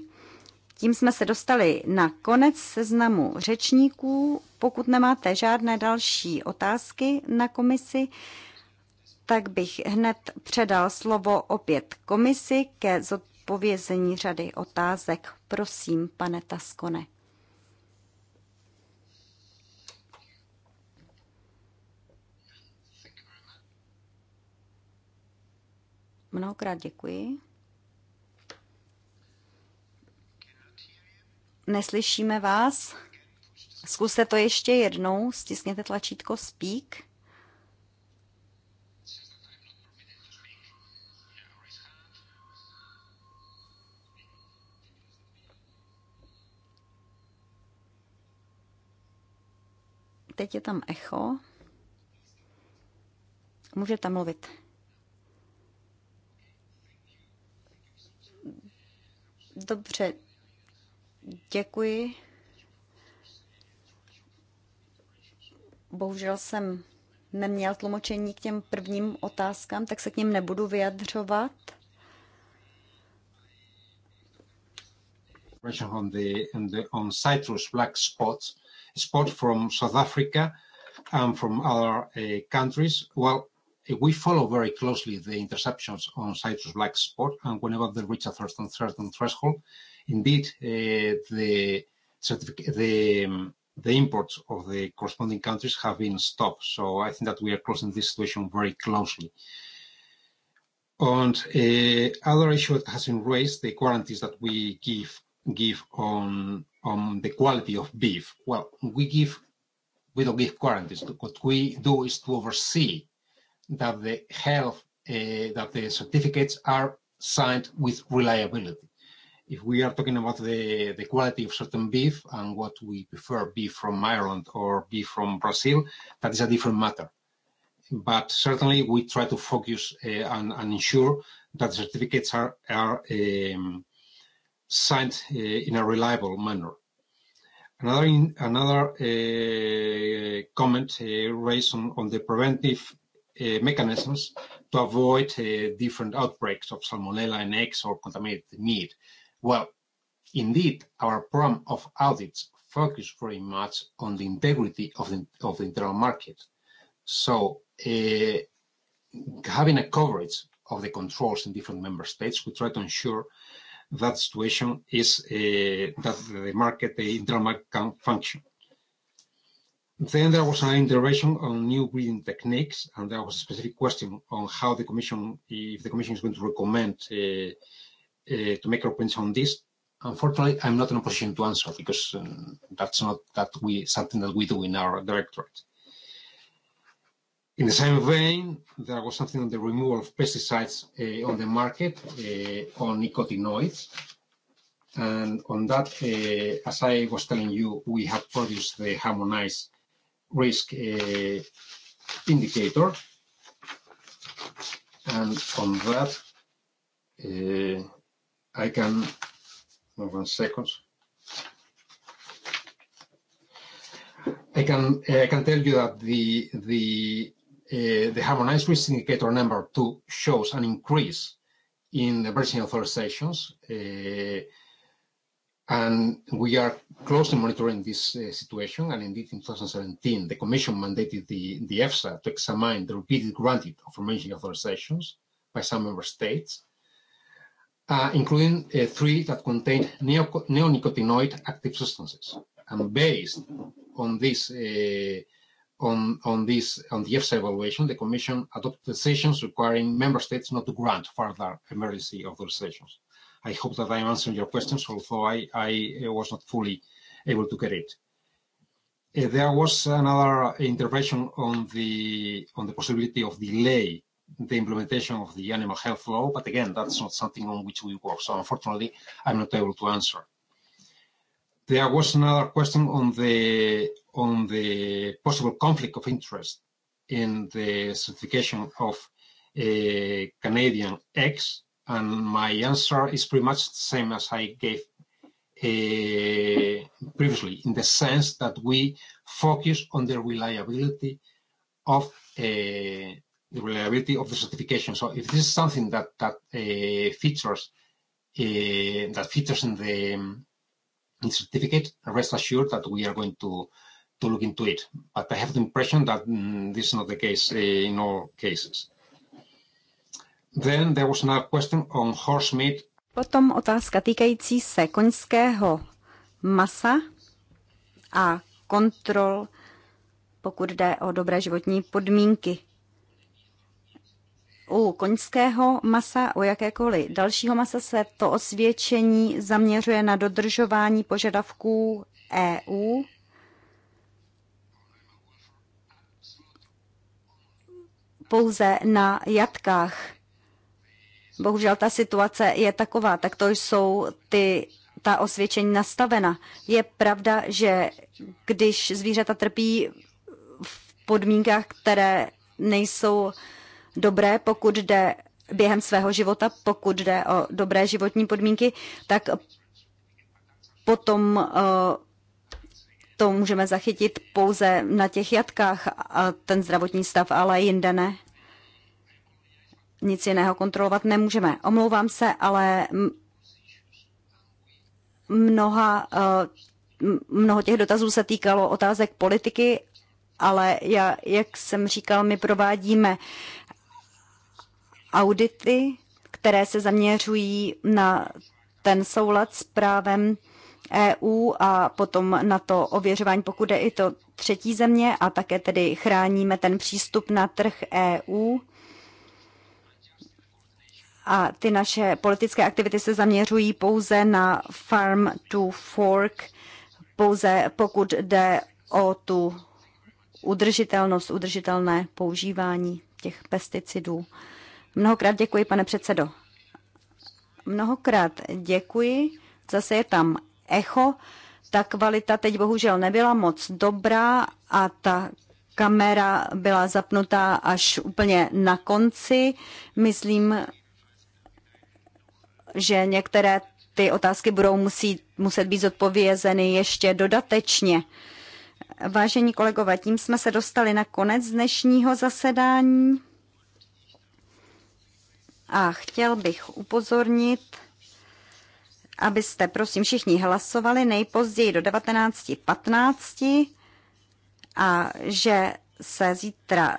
Tím jsme se dostali na konec seznamu řečníků. Pokud nemáte žádné další otázky na komisi, tak bych hned předal slovo opět komisi ke zodpovězení řady otázek. Prosím, pane Taskone. Mnohokrát děkuji. Neslyšíme vás. Zkuste to ještě jednou, stisněte tlačítko Speak. Teď je tam echo. Můžete mluvit. Dobře, děkuji. Bohužel jsem neměl tlumočení k těm prvním otázkám, tak se k ním nebudu vyjadřovat. On the, on the, on Citrus black spots sport from South Africa and from other uh, countries. Well, eh, we follow very closely the interceptions on Cyprus Black Sport, and whenever they reach a certain certain threshold, indeed, uh, the the, the um, imports of the corresponding countries have been stopped. So I think that we are closing this situation very closely. And uh, other issue that has been raised, the guarantees that we give give on on the quality of beef. Well, we give we don't give guarantees. What we do is to oversee that the health uh, that the certificates are signed with reliability. If we are talking about the, the quality of certain beef and what we prefer, beef from Ireland or beef from Brazil, that is a different matter. But certainly we try to focus uh, and, and ensure that certificates are, are um, signed eh, in a reliable manner. Another eh, comment eh, raised on the preventive mechanisms to avoid different outbreaks of Salmonella in eggs or contaminated meat. Well, indeed, our program of audits focus very much on the integrity of the internal market. So, having a coverage of the controls in different member states, we try to ensure that situation is eh, that the market, the drama can function. Then there was an intervention on new breeding techniques, and there was a specific question on how the commission, if the commission is going to recommend eh, eh, to make comments on this. Unfortunately, I'm not in a position to answer because that's not that we something that we do in our directorate. In the same vein, there was something on the removal of pesticides uh, on the market uh, on nicotinoids. And on that, uh, as I was telling you, we have produced the harmonized risk uh, indicator. And on that, uh, I can, one second. I can I can tell you that the the Eh, the harmonized risk indicator number two shows an increase in the emergency authorizations, eh, and we are closely monitoring this uh, situation. And indeed, in 2017, the Commission mandated the, the EFSA to examine the repeated granted of emergency authorizations by some member states, uh, including uh, three that contained neonicotinoid active substances. And based on this uh, On, on this on the EFSA evaluation, the Commission adopted decisions requiring member states not to grant further emergency authorizations. I hope that I am answering your questions, although I, I was not fully able to get it. Uh, there was another intervention on the on the possibility of delay the implementation of the animal health law, but again, that's not something on which we work. So unfortunately, I'm not able to answer. There was another question on the on the possible conflict of interest in the certification of a Canadian eggs, and my answer is pretty much the same as I gave eh, previously, in the sense that we focus on the reliability of eh, the reliability of the certification. So if this is something that that eh, features that features in the in certificate, rest assured that we are going to to look into it. But I have the impression that mm, this is not the case uh, in all cases. Then There was another question on horse meat. Potom otázka týkající se koňského masa a kontrol, pokud jde o dobré životní podmínky u koňského masa, o jakékoliv dalšího masa se to osvědčení zaměřuje na dodržování požadavků EU. Pouze na jatkách. Bohužel ta situace je taková, tak to jsou ty ta osvědčení nastavena. Je pravda, že když zvířata trpí v podmínkách, které nejsou dobré, pokud jde během svého života, pokud jde o dobré životní podmínky, tak potom eh, to můžeme zachytit pouze na těch jatkách a ten zdravotní stav, ale jinde ne. Nic jiného kontrolovat nemůžeme. Omlouvám se, ale mnoha, eh, mnoho těch dotazů se týkalo otázek politiky, ale já, jak jsem říkal, my provádíme audity, které se zaměřují na ten soulad s právem EU a potom na to ověřování, pokud je i to třetí země a také tedy chráníme ten přístup na trh EU. A ty naše politické aktivity se zaměřují pouze na farm to fork, pouze pokud jde o tu udržitelnost, udržitelné používání těch pesticidů. Mnohokrát děkuji, pane předsedo. Mnohokrát děkuji. Zase je tam echo. Ta kvalita teď bohužel nebyla moc dobrá a ta kamera byla zapnutá až úplně na konci. Myslím, že některé ty otázky budou musí, muset být zodpovězeny ještě dodatečně. Vážení kolegové, tím jsme se dostali na konec dnešního zasedání. A chtěl bych upozornit, abyste prosím všichni hlasovali nejpozději do 19.15 a že se zítra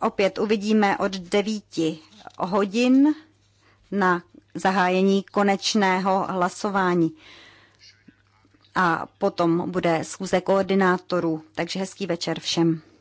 opět uvidíme od 9 hodin na zahájení konečného hlasování. A potom bude schůze koordinátorů, takže hezký večer všem.